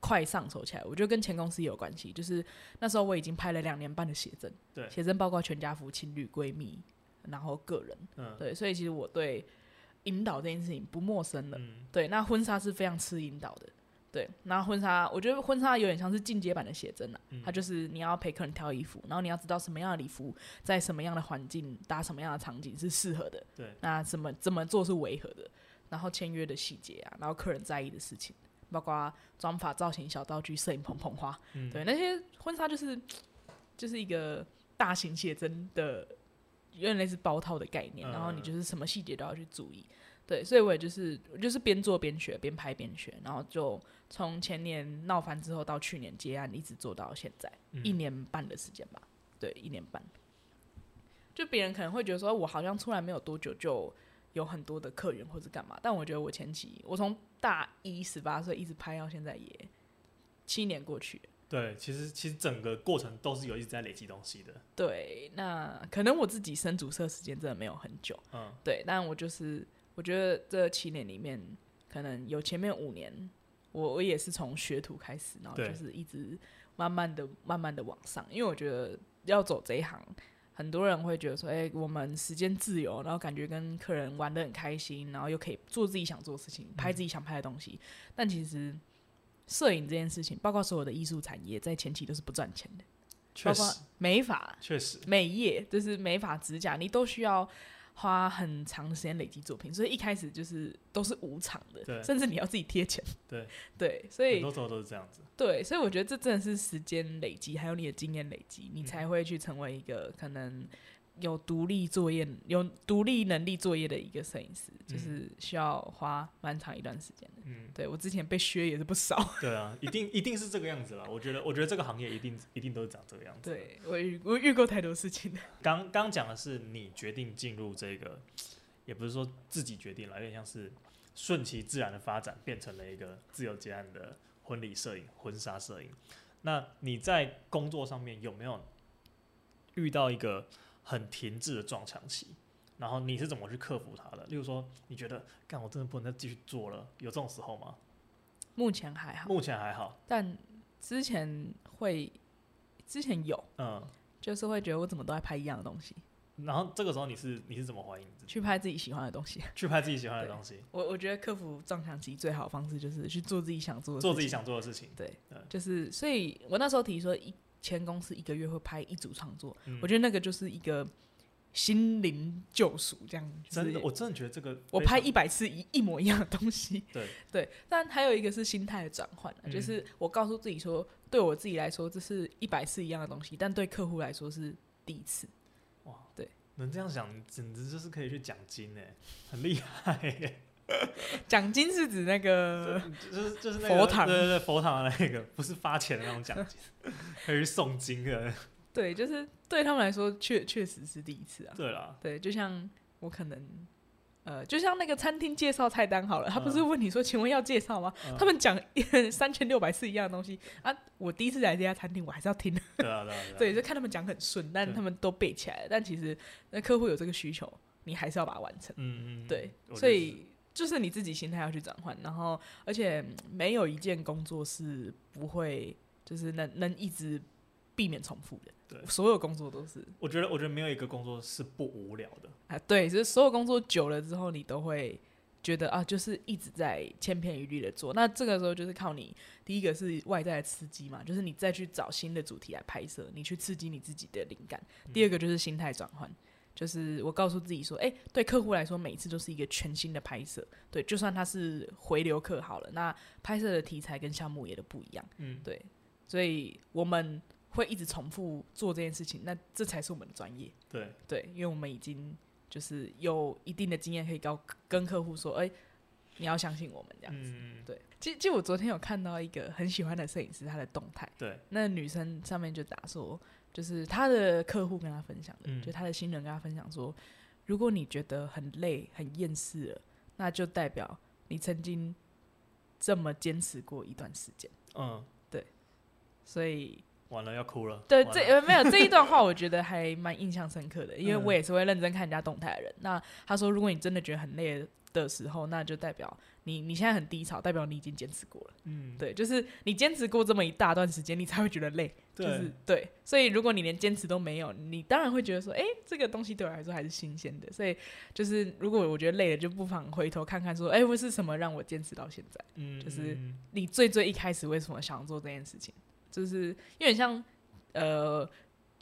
快上手起來，我覺得跟前公司有關係。就是那時候我已經拍了兩年半的寫真，對，寫真包括全家福情、情侶、閨蜜，然後個人、嗯，對，所以其實我對引導這件事情不陌生了。嗯、對，那婚紗是非常吃引導的。對，然後婚紗，我覺得婚紗有點像是進階版的寫真啊、嗯，它就是你要陪客人挑衣服，然後你要知道什麼樣的禮服在什麼樣的環境搭什麼樣的場景是適合的，對，那怎麼怎麼做是違和的，然後簽約的細節啊，然後客人在意的事情，包括妝髮造型、小道具、攝影棚、捧捧花，對，那些婚紗就是就是一個大型寫真的，有點類似包套的概念，嗯、然後你就是什麼細節都要去注意。對，所以我也就是就是邊做邊學，邊拍邊學，然後就從前年鬧翻之後到去年結案，一直做到現在，嗯、一年半的時間吧。對，一年半。就別人可能會覺得說我好像出來沒有多久，就有很多的客源或者幹嘛，但我覺得我前期我從大一十八歲一直拍到現在，也七年過去。對，其實其實整個過程都是有一直在累積東西的。對，那可能我自己生主攝時間真的沒有很久。嗯，對，但我就是。我覺得這七年裡面，可能有前面五年，我我也是從學徒開始，然後就是一直慢慢的、慢慢的往上。因為我覺得要走這一行，很多人會覺得說：“哎、欸，我們時間自由，然後感覺跟客人玩得很開心，然後又可以做自己想做的事情、嗯，拍自己想拍的東西。”但其實攝影這件事情，包括所有的藝術產業，在前期都是不賺錢的，包括美髮，確實美業就是美髮、指甲，你都需要。花很長時間累積作品，所以一開始就是都是無償的，甚至你要自己貼錢。對對，所以很多時候都是這樣子。對，所以我覺得這真的是時間累積，還有你的經驗累積，你才會去成為一個可能。有獨立作業、有獨立能力作業的一個攝影師，嗯，就是需要花蠻長一段時間的。嗯，對我之前被削也是不少，嗯。對啊，一定一定是這個樣子了。 我覺得，我覺得這個行業一定一定都是長這個樣子。對我，我遇過太多事情了。剛剛講的是你決定進入這個，也不是說自己決定了，有點像是順其自然的發展，變成了一個自由結案的婚禮攝影、婚紗攝影。那你在工作上面有沒有遇到一個？很停滯的撞牆期，然後你是怎麼去克服它的？例如說，你覺得幹，我真的不能再繼續做了，有這種時候嗎？目前還好。目前還好，但之前會，之前有，嗯，就是會覺得我怎麼都在拍一樣的東西。然後這個時候你是你是怎麼懷疑你自己？去拍自己喜歡的東西。去拍自己喜歡的東西。我我覺得克服撞牆期最好的方式就是去做自己想做的，做自己想做的事情。對，對，就是，所以我那時候提說一。前公司一個月會拍一組創作、嗯，我覺得那個就是一個心靈救贖，這樣、就是、真的，我真的覺得這個我拍一百次一一模一樣的東西，對對。但還有一個是心態的轉換、啊嗯，就是我告訴自己說，對我自己來說，這是一百次一樣的東西，但對客戶來說是第一次。哇，對，能這樣想，簡、嗯、直就是可以去獎金很厲害。獎金是指那個，就是就是佛堂，對對佛堂的那個，不是發錢的那種獎金，是去送金的。對，就是對他們來說，確確實是第一次啊。對啦，對，就像我可能，呃，就像那個餐廳介紹菜單好了，他不是問你說，請問要介紹嗎？他們講三千六百四一樣的東西啊，我第一次來這家餐廳，我還是要聽。對對，就看他們講很順，但他們都背起來了。但其實那客戶有這個需求，你還是要把它完成。嗯嗯，對，所以。就是就是你自己心態要去轉換，然後而且沒有一件工作是不會就是能能一直避免重複的，對，所有工作都是。我覺得我覺得沒有一個工作是不無聊的啊，對，就是所有工作久了之後，你都會覺得啊，就是一直在千篇一律的做，那這個時候就是靠你第一個是外在的刺激嘛，就是你再去找新的主題來拍攝，你去刺激你自己的靈感；嗯，第二個就是心態轉換。就是我告訴自己說，誒、欸，對客戶來說，每次都是一個全新的拍攝，對，就算他是回流客好了，那拍攝的題材跟項目也都不一樣，嗯，對，所以我們會一直重複做這件事情，那這才是我們的專業，對，對，因為我們已經就是有一定的經驗，可以告跟客戶說，哎、欸，你要相信我們這樣子，嗯、對。其實，其實我昨天有看到一個很喜歡的攝影師，他的動態，對，那女生上面就打說。就是他的客戶跟他分享的，嗯、就他的新人跟他分享說，如果你覺得很累、很厭世了，那就代表你曾經這麼堅持過一段時間。嗯，對。所以完了要哭了。對，這、呃、沒有 這一段話，我覺得還蠻印象深刻的，因為我也是會認真看人家動態的人、嗯。那他說，如果你真的覺得很累。的時候，那就代表你你現在很低潮，代表你已經堅持過了。嗯，對，就是你堅持過這麼一大段時間，你才會覺得累，就是。對，對。所以如果你連堅持都沒有，你當然會覺得說，誒、欸，這個東西對我來說還是新鮮的。所以就是，如果我覺得累了，就不妨回頭看看，說，哎、欸，是什麼讓我堅持到現在？嗯，嗯，就是你最最一開始為什麼想做這件事情？就是因為像呃。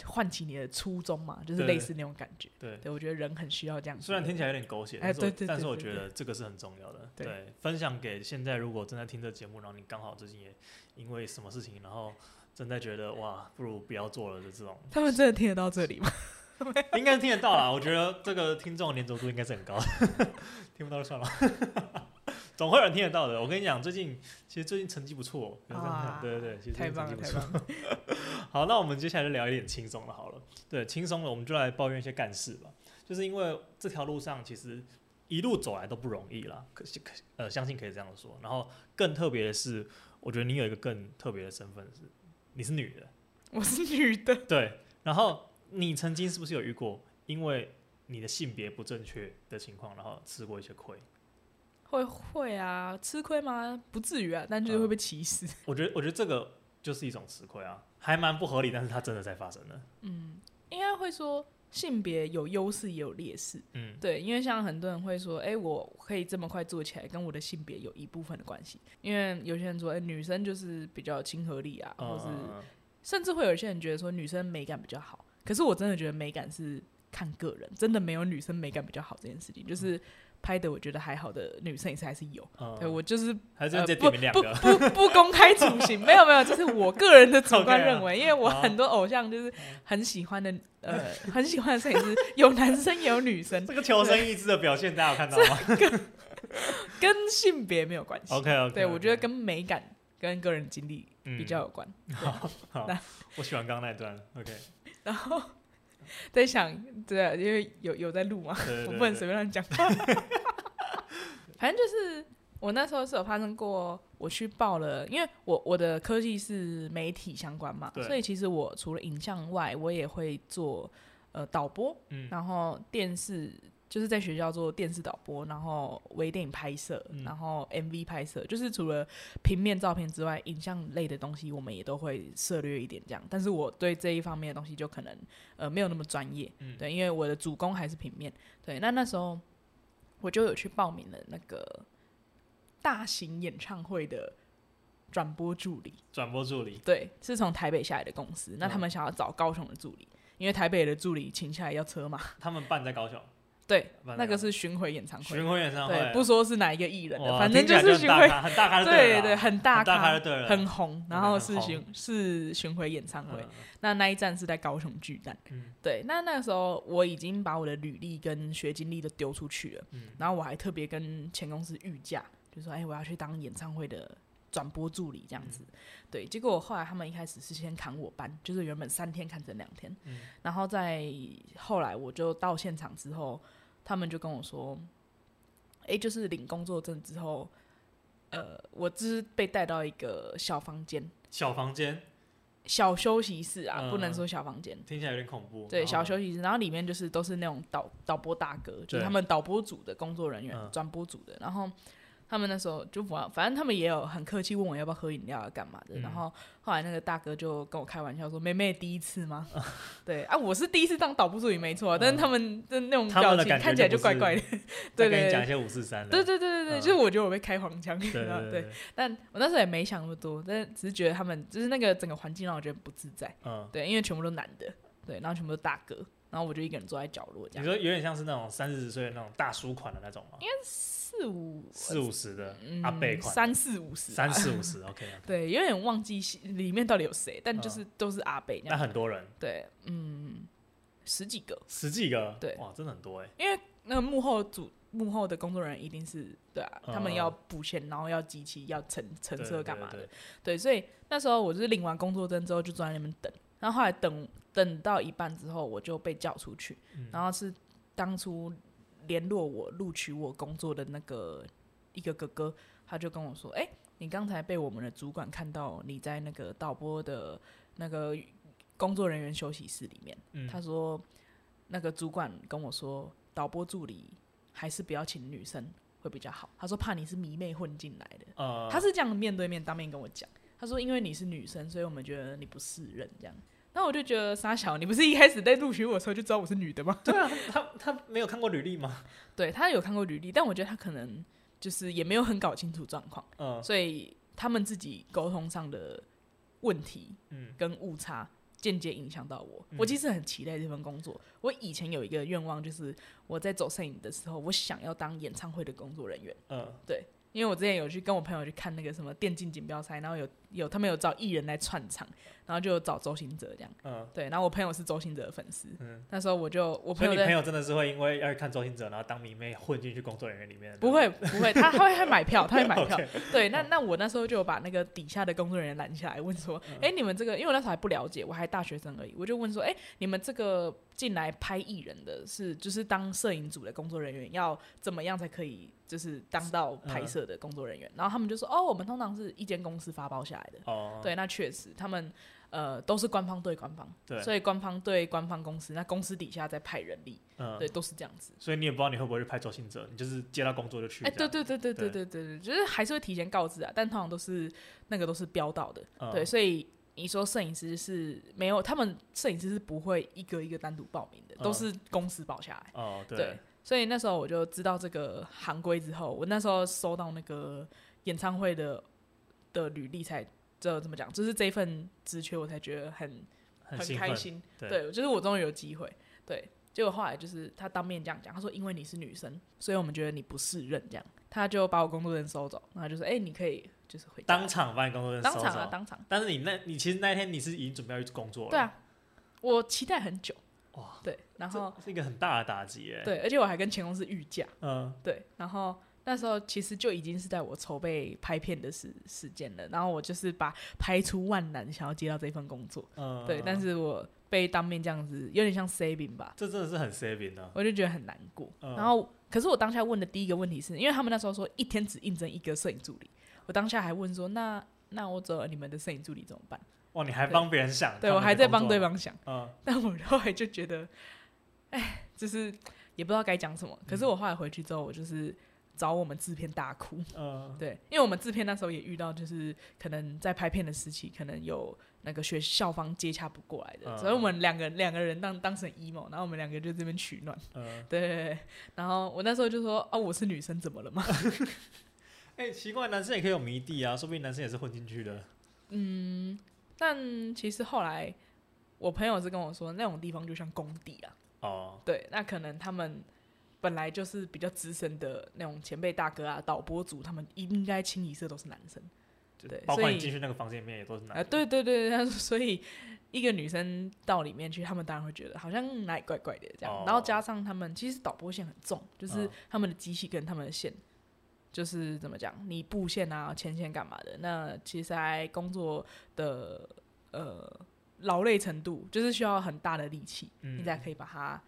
喚起你的初衷嘛，就是類似那種感覺。對，對，對我覺得人很需要這樣子。雖然聽起來有點狗血，哎，對對對，但是我覺得這個是很重要的對對對對對對對。對，分享給現在如果正在聽這節目，然後你剛好最近也因為什麼事情，然後正在覺得哇，不如不要做了的這種。他們真的聽得到這裡嗎？ 應該聽得到啦，我覺得這個聽眾的粘着度應該是很高的。 聽不到就算了嗎。 總會有人聽得到的。我跟你講，最近其實最近成績不錯，啊，對對對，最近成績不錯。 好，那我們接下來就聊一點輕鬆的，好了。對，輕鬆的，我們就來抱怨一些幹事吧。就是因為這條路上其實一路走來都不容易啦，可是可呃，相信可以這樣說。然後更特別的是，我覺得你有一個更特別的身份是，你是女的。我是女的。對。然後你曾經是不是有遇過因為你的性別不正確的情況，然後吃過一些虧？會會啊，吃虧嗎？不至於啊，但就是會被歧視，嗯。我覺得，我覺得這個就是一種吃虧啊，還蠻不合理，但是它真的在發生呢。嗯，應該會說性別有優勢也有劣勢。嗯，對，因為像很多人會說，哎、欸，我可以這麼快做起來，跟我的性別有一部分的關係。因為有些人說，哎、欸，女生就是比較親和力啊，或是、嗯啊、甚至會有些人覺得說，女生美感比較好。可是我真的覺得美感是看個人，真的沒有女生美感比較好這件事情，嗯、就是。拍的我覺得還好的女攝影師還是有，嗯、對我就是，還是點、呃、不不不不公開處刑， 沒有沒有，這、就是我個人的主觀認為、 okay 啊，因為我很多偶像就是很喜歡的，呃，很喜歡的攝影師， 有男生有女生， 這個求生意志的表現大家有看到嗎？ 跟性別沒有關係，OK OK，對 okay。我覺得跟美感跟個人經歷比較有關。嗯、好，那我喜歡剛剛那段，OK，然後。在想，對，因為有有在錄嘛，對對對對，我不能隨便讓你講，反正就是，我那時候是有發生過，我去報了，因為我我的科技是媒體相關嘛，所以其實我除了影像外，我也會做呃導播、嗯，然後電視。就是在學校做電視導播，然後微電影拍攝，然後 MV 拍攝、嗯，就是除了平面照片之外，影像類的東西我們也都會涉略一點這樣。但是我對這一方面的東西就可能呃沒有那麼專業、嗯，對，因為我的主攻還是平面。對，那那時候我就有去報名了那個大型演唱會的轉播助理。轉播助理？對，是從台北下來的公司，那他們想要找高雄的助理，嗯、因為台北的助理請下來要車嘛。他們辦在高雄。對，那個是巡迴演唱會。巡迴演唱會、啊，不說是哪一個藝人的，的，反正就是巡迴，很大咖。對，對對，很大咖很，很紅。然後是巡是巡迴演唱會、嗯，那那一站是在高雄巨蛋、嗯。對。那那個時候我已經把我的履歷跟學經歷都丟出去了、嗯。然後我還特別跟前公司預假，就說：“哎、欸，我要去當演唱會的轉播助理，這樣子。嗯”對。結果後來他們一開始是先砍我班，就是原本三天砍成兩天、嗯。然後在後來，我就到現場之後。他們就跟我說：“哎、欸，就是領工作證之後，呃，我只被帶到一個小房間，小房間，小休息室啊，呃、不能說小房間，聽起來有點恐怖。對，小休息室，然後裡面就是都是那種導導播大哥，就是他們導播組的工作人員、轉播組的，然後。”他們那時候就不，反正他們也有很客氣問我要不要喝飲料啊幹嘛的、嗯。然後後來那個大哥就跟我開玩笑說：“妹妹第一次嗎？”嗯、對，啊，我是第一次當導播助理沒錯、啊嗯，但是他們的那種表情看起來就怪怪的。講一些五四三。對對，對對對對、嗯、就是我覺得我被開黃腔。對對對，對、嗯、你知道對，但我那時候也沒想那麼多，但只是覺得他們就是那個整個環境讓我覺得不自在。嗯，對，因為全部都男的，對，然後全部都大哥。然後我就一個人坐在角落，這樣，你說有點像是那種三四十歲的那種大叔款的那種嗎？應該四五四五十的、嗯、阿伯款，三四五十，三四五十，OK 對，有點忘記裡面到底有誰，但就是、嗯、都是阿伯那、啊、很多人，對，嗯，十幾個，十幾個，對，哇，真的很多哎、欸。因為那個幕後主幕後的工作人員一定是對啊、嗯，他們要補錢，然後要集齊，要乘乘車幹嘛的對對對對。對，所以那時候我就是領完工作證之後就坐在那邊等，然後後來等。等到一半之後，我就被叫出去。嗯、然後是當初聯絡我錄取我工作的那個一個哥哥，他就跟我說：“哎、欸，你剛才被我們的主管看到你在那個導播的那個工作人員休息室裡面。嗯”他說：“那個主管跟我說，導播助理還是不要請女生會比較好。”他說：“怕你是迷妹混進來的。呃”他是這樣面對面當面跟我講：“他說因為你是女生，所以我們覺得你不適任。”這樣。那我就覺得沙小，你不是一開始在錄取我的時候就知道我是女的嗎？對啊，他他沒有看過履歷嗎？ 對，他有看過履歷，但我覺得他可能就是也沒有很搞清楚狀況，嗯、呃，所以他們自己溝通上的問題，嗯，跟誤差間接影響到我。我其實很期待這份工作。嗯、我以前有一個願望，就是我在走攝影的時候，我想要當演唱會的工作人員，嗯、呃，對。因為我之前有去跟我朋友去看那個什麼電競錦標賽，然後有有他們有找藝人來串場，然後就找周興哲這樣。嗯，對，然後我朋友是周興哲的粉絲。嗯，那時候我就我朋友真的真的是會因為要去看周興哲，然後當迷妹混進去工作人員裡面。不會不會，他他會買票，他會買票。 買票 okay, 對，那、嗯、那我那時候就把那個底下的工作人員攔下來問說：“哎、嗯欸，你們這個，因為我那時候還不了解，我還大學生而已，我就問說：‘哎、欸，你們這個進來拍藝人的是，就是當攝影組的工作人員，要怎麼樣才可以？’”就是當到拍攝的工作人員、嗯，然後他們就說哦，我們通常是一間公司發包下來的。哦，對，那確實他們呃都是官方對官方，對，所以官方對官方公司，那公司底下再派人力，嗯，對，都是這樣子，所以你也不知道你會不會去拍周星哲，你就是接到工作就去，哎、欸，對對對對對對對對，就是還是會提前告知啊，但通常都是那個都是標到的、哦，對，所以你說攝影師是沒有，他們攝影師是不會一個一個單獨報名的，嗯、都是公司報下來，哦，對。對所以那時候我就知道這個行規之後，我那時候收到那個演唱會的的履歷才，這怎麼講？就是這份職缺，我才覺得很很開心很對。對，就是我終於有機會。對，結果後來就是他當面這樣講，他說：“因為你是女生，所以我們覺得你不適任，這樣他就把我工作證收走。”然後就說：“哎、欸，你可以就是回。”當場把你工作證收走。當場啊，當場。但是你那，你其實那一天你是已經準備要去工作了。對啊，我期待很久。哇，對，然後是一個很大的打擊哎。對，而且我還跟前公司預價。嗯，對。然後那時候其實就已經是在我籌備拍片的時時間了，然後我就是把排除萬難想要接到這份工作，嗯，對。但是我被當面這樣子，有點像 saving 吧？這真的是很 saving 啊！我就覺得很難過。嗯，然後，可是我當下問的第一個問題是因為他們那時候說一天只應徵一個攝影助理，我當下還問說，那那我走了，你們的攝影助理怎麼辦？哦，你還幫別人想？對，對，對，我還在幫對方想。嗯。但我後來就覺得，哎，就是也不知道該講什麼。可是我後來回去之後，我就是找我們制片大哭。嗯。對，因為我們制片那時候也遇到，就是可能在拍片的時期，可能有那個學校方接洽不過來的，嗯、所以我們兩個兩個人當當成 emo，然後我們兩個就這邊取暖。嗯。對對。然後我那時候就說：“哦、啊，我是女生，怎麼了嘛？”哎、 欸，奇怪，男生也可以有迷弟啊！說不定男生也是混進去的。嗯。但其實後來，我朋友是跟我說，那種地方就像工地啊。哦、oh.，對，那可能他們本來就是比較資深的那種前輩大哥啊，導播組他們應該清一色都是男生，對，所以進去那個房間裡面也都是男生。對、呃、對對對，所以一個女生到裡面去，他們當然會覺得好像哪裡怪怪的這樣。Oh. 然後加上他們其實導播線很重，就是他們的機器跟他們的線。就是怎麼講，你布線啊、牽線幹嘛的？那其實在工作的呃勞累程度，就是需要很大的力氣、嗯，你才可以把它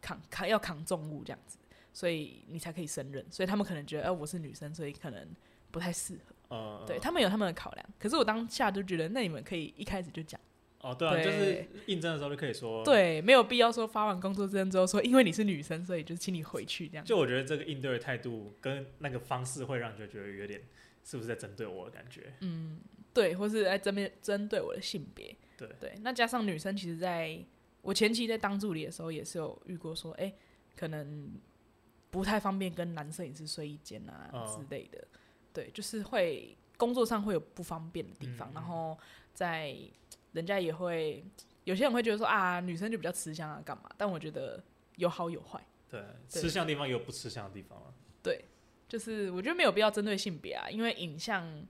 扛扛，要扛重物這樣子，所以你才可以勝任。所以他們可能覺得，哎、呃，我是女生，所以可能不太適合。Uh, uh. 對，他們有他們的考量。可是我當下就覺得，那你們可以一開始就講。哦，對啊，對就是應徵的時候就可以說，對，沒有必要說發完工作證之後說，因為你是女生，所以就是請你回去這樣子。就我覺得這個應對的態度跟那個方式，會讓你覺得有點是不是在針對我的感覺？嗯，對，或是在針針對我的性別？對對。那加上女生，其實在我前期在當助理的時候，也是有遇過說，哎、欸，可能不太方便跟男攝影師睡一間啊之類的、嗯。對，就是會工作上會有不方便的地方，嗯、然後在。人家也會，有些人會覺得說啊，女生就比較吃香啊，幹嘛？但我覺得有好有壞。對，吃香地方有不吃香的地方，的地方、啊、對，就是我覺得沒有必要針對性別啊，因為影像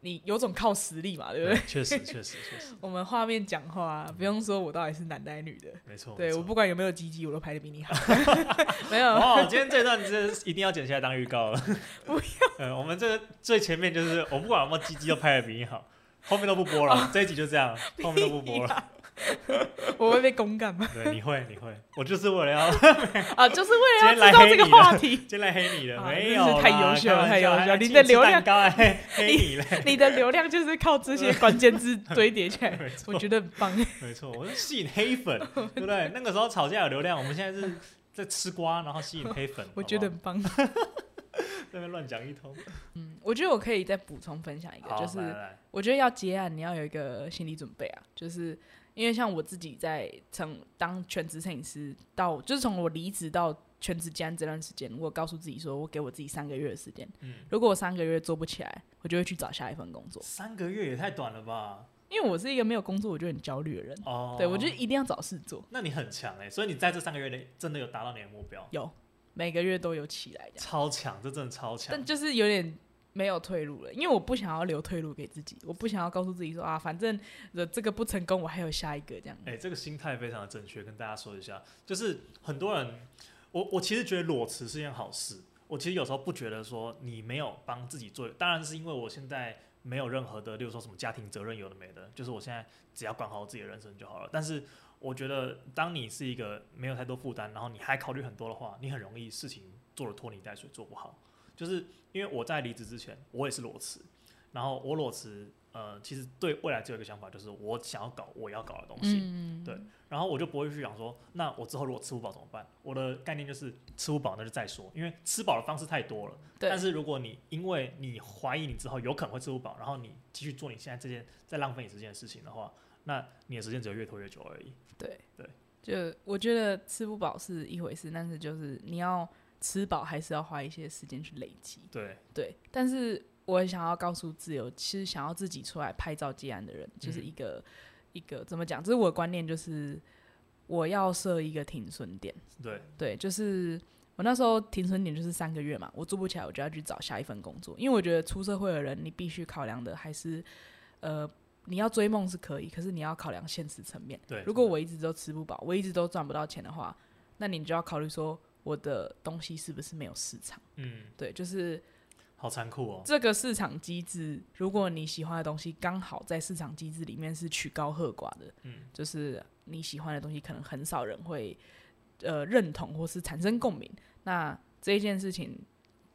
你有種靠實力嘛，對不對？確實，確實，確實。我們畫面講話、嗯，不用說我到底是男的還是女的，沒錯。對我，我不管有沒有 GG，我都拍的比你好。 沒有、哦。今天這段是一定要剪下來當預告了。 不要、嗯。我們這最前面就是我不管有沒有 GG，都拍的比你好。後面都不播了，啊、這一集就這樣、啊，後面都不播了。我會被公幹嗎？對，你會，你會，我就是為了要 啊，就是為了要知道這個話題，進來黑你了、啊，沒有啦，太優秀了，太優秀！你的流量高、啊，黑你了，你的流量就是靠這些關鍵字堆疊起來， 我覺得很棒。沒錯，我是吸引黑粉，對 不對？那個時候吵架有流量，我們現在是在吃瓜，然後吸引黑粉，我覺得很棒。這邊亂講一通。嗯，我覺得我可以再補充分享一個，就是。來來來我覺得要結案，你要有一個心理準備啊，就是因為像我自己在成當全職攝影師，到就是從我離職到全職結案這段時間，我告訴自己說我給我自己三個月的時間，嗯，如果我三個月做不起來，我就會去找下一份工作。三個月也太短了吧？因為我是一個沒有工作我就很焦慮的人哦，對我覺得一定要找事做。那你很強哎、欸，所以你在這三個月內真的有達到你的目標？有，每個月都有起來的，超強，這真的超強，但就是有點。沒有退路了，因為我不想要留退路給自己，我不想要告訴自己說啊，反正這個不成功，我還有下一個這樣。哎、欸，這個心態非常的正確，跟大家說一下，就是很多人，我我其實覺得裸辭是一件好事，我其實有時候不覺得說你沒有幫自己做，當然是因為我現在沒有任何的，例如說什麼家庭責任有的沒的，就是我現在只要管好我自己的人生就好了。但是我覺得，當你是一個沒有太多負擔，然後你還考慮很多的話，你很容易事情做得拖泥帶水，做不好。就是因為我在離職之前，我也是裸辭，然後我裸辭，呃，其實對未來只有一個想法，就是我想要搞我要搞的東西。嗯，對，然後我就不會去想說，那我之後如果吃不飽怎麼辦？我的概念就是吃不飽那就再說，因為吃飽的方式太多了。對。但是如果你因為你懷疑你之後有可能會吃不飽，然後你繼續做你現在這件在浪費你時間的事情的話，那你的時間只會越拖越久而已。對對，就我覺得吃不飽是一回事，但是就是你要。吃飽還是要花一些時間去累積。對對，但是我也想要告訴自由，其實想要自己出來拍照接案的人，就是一個、嗯、一個怎麼講？這是我的觀念就是，我要設一個停損點。對對，就是我那時候停損點就是三個月嘛，我做不起來，我就要去找下一份工作。因為我覺得出社會的人，你必須考量的還是，呃，你要追夢是可以，可是你要考量現實層面。對，如果我一直都吃不飽，我一直都賺不到錢的話，那你就要考慮說。我的東西是不是沒有市場？嗯，對，就是好殘酷哦。這個市場機制，哦，如果你喜歡的東西剛好在市場機制裡面是曲高和寡的，嗯，就是你喜歡的東西可能很少人會呃認同或是產生共鳴。那這件事情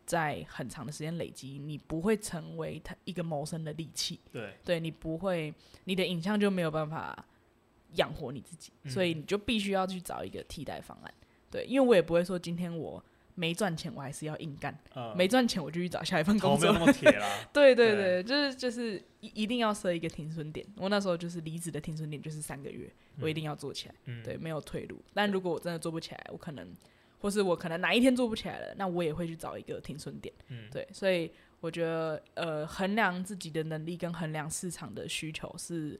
在很長的時間累積，你不會成為它一個謀生的利器。對，對你不會，你的影像就沒有辦法養活你自己，嗯，所以你就必須要去找一個替代方案。對，因為我也不會說今天我沒賺錢，我還是要硬幹、呃。沒賺錢我就去找下一份工作。頭沒那麼鐵啦。 對對對，對就，就是就是一一定要設一個停損點。我那時候就是離職的停損點就是三個月、嗯，我一定要做起來、嗯。對，沒有退路。但如果我真的做不起來，我可能或是我可能哪一天做不起來了，那我也會去找一個停損點、嗯。對，所以我覺得呃，衡量自己的能力跟衡量市場的需求是，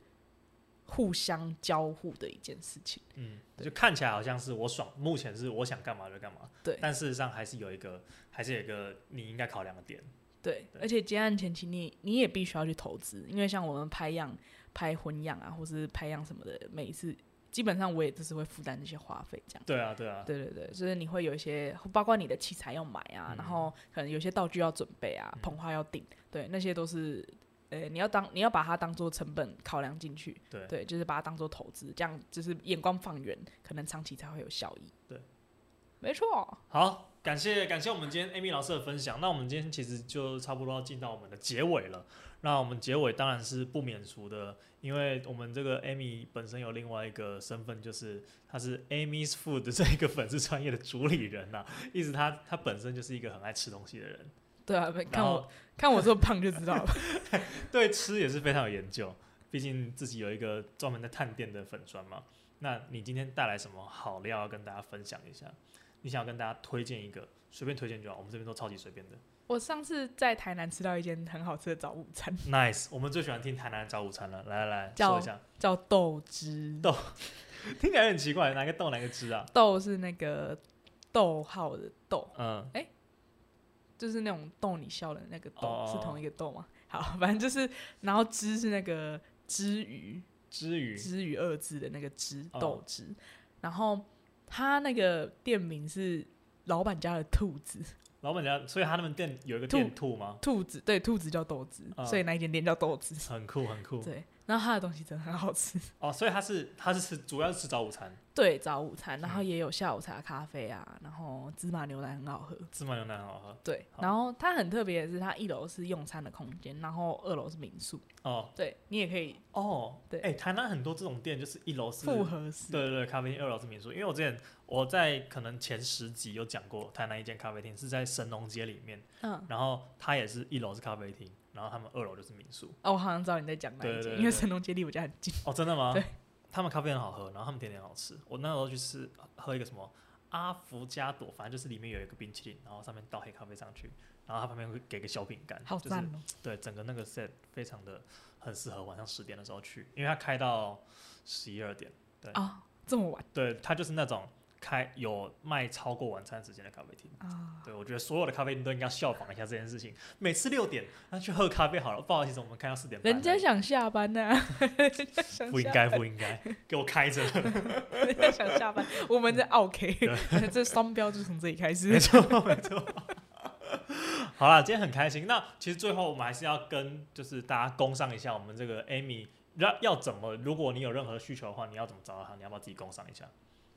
互相交互的一件事情，嗯，就看起來好像是我爽，目前是我想幹嘛就幹嘛，對，但事實上還是有一個，還是有一個你應該考量的點。對，對而且接案前期你你也必須要去投資，因為像我們拍樣、拍婚樣啊，或是拍樣什麼的，每一次基本上我也就是會負擔這些花費，這樣。對啊，對啊，對對對，就是你會有一些，包括你的器材要買啊，嗯、然後可能有些道具要準備啊，嗯、捧花要訂，對，那些都是。欸、你要當你要把它當做成本考量進去對，對，就是把它當做投資，這樣就是眼光放遠，可能長期才會有效益。對，沒錯。好，感謝感謝我們今天 Amy 老師的分享。那我們今天其實就差不多要進到我們的結尾了。那我們結尾當然是不免俗的，因為我們這個 Amy 本身有另外一個身份，就是他是 Amy's Food 這一個粉絲專業的主理人吶、啊，意思他他本身就是一個很愛吃東西的人。對啊，看我 看我這麼胖就知道了。 對吃也是非常有研究，畢竟自己有一個專門在探店的粉專嘛。那你今天帶來什麼好料要跟大家分享一下？你想要跟大家推薦一個，隨便推薦就好，我們這邊都超級隨便的。我上次在台南吃到一間很好吃的早午餐。Nice，我們最喜歡聽台南的早午餐了。來來來，叫說一下。叫豆汁豆，聽起來很奇怪，哪個豆哪個汁啊？豆是那個逗號的豆，嗯，哎、欸。就是那種逗你笑的那個逗，oh. 是同一個逗嗎？好，反正就是，然後之是那個之於，之於之於二字的那個之、oh. 逗之，然後他那個店名是老闆家的兔子。老板娘，所以他那邊店有一個店兔嗎？兔子，對，兔子叫豆子，嗯、所以那一間店叫豆子。很酷，很酷。對，然後他的東西真的很好吃。哦，所以他是他是吃，主要是吃早午餐。對，早午餐，然後也有下午茶、咖啡啊，然後芝麻牛奶很好喝。芝麻牛奶很好喝。對，然後它很特別的是，它一樓是用餐的空間，然後二樓是民宿。哦，對，你也可以哦。對，哎、欸，台南很多這種店就是一樓是複合式，對對對，咖啡廳二樓是民宿，因為我之前。我在可能前十集有講過台南一間咖啡廳，是在神農街裡面，嗯，然後它也是一樓是咖啡廳，然後他們二樓就是民宿。哦，我好像知道你在講哪一間，對對對，因為神農街離我家很近。哦，真的嗎？對，他們咖啡很好喝，然後他們甜點好吃。我那時候去吃喝一個什麼阿福加朵，反正就是裡面有一個冰淇淋，然後上面倒黑咖啡上去，然後它旁邊會給個小餅乾，好讚哦，就是，對，整個那個 set 非常的很適合晚上十點的時候去，因為它開到十一二點。對啊，哦，這麼晚？對，它就是那種。開有賣超過晚餐時間的咖啡廳啊、哦？對，我覺得所有的咖啡廳都應該效仿一下這件事情。每次六點，他、啊、去喝咖啡好了。不好意思，我們開到四點半。人家想下班呢、啊， 不應該不應該，給我開着。人家想下班， 我們在 OK。這雙標就從這裡開始。沒錯沒錯。 好啦，今天很開心。那其實最後我們還是要跟就是大家工商一下，我們這個 Amy 要，要怎麼？如果你有任何需求的話，你要怎麼找到他？你要不要自己工商一下？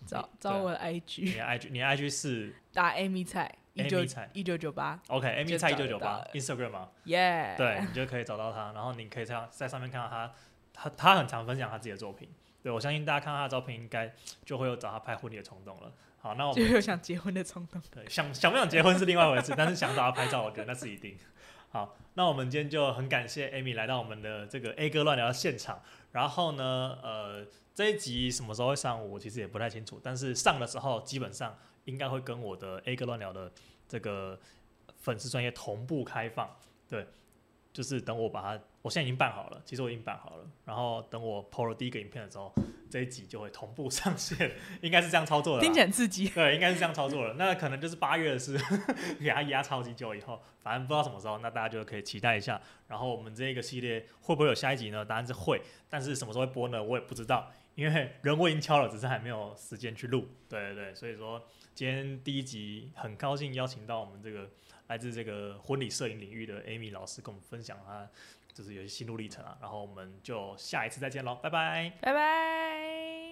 找找我的 IG，你的 IG 你的 IG 是打 Amy 蔡，Amy 蔡一九九八，OK Amy 蔡一九九八，Instagram 嗎耶對，你就可以找到他，然後你可以在在上面看到他，他他很常分享他自己的作品，對我相信大家看到他的照片，應該就會有找他拍婚禮的衝動了。好，那我們就有想結婚的衝動，對，想想不想結婚是另外一回事， 但是想找他拍照，我覺得那是一定。好，那我們今天就很感謝 Amy 來到我們的這個 A 哥亂聊的現場，然後呢，呃。這一集什麼時候會上，我其實也不太清楚。但是上的時候，基本上應該會跟我的 A 哥亂聊的這個粉絲專頁同步開放。對，就是等我把它，我現在已經辦好了，其實我已經辦好了。然後等我 PO 了第一個影片的時候，這一集就會同步上線， 應該是，是這樣操作的。聽起來刺激。對，應該是這樣操作的。那可能就是八月的事， 給它壓，超級久以後，反正不知道什麼時候，那大家就可以期待一下。然後我們這個系列會不會有下一集呢？答案是會，但是什麼時候會播呢？我也不知道。因為人我已經敲了，只是還沒有時間去錄。對對對，所以說今天第一集很高興邀請到我們這個來自這個婚禮攝影領域的 Amy 老師，跟我們分享她就是有些心路歷程啊。然後我們就下一次再見嘍，拜拜，拜拜。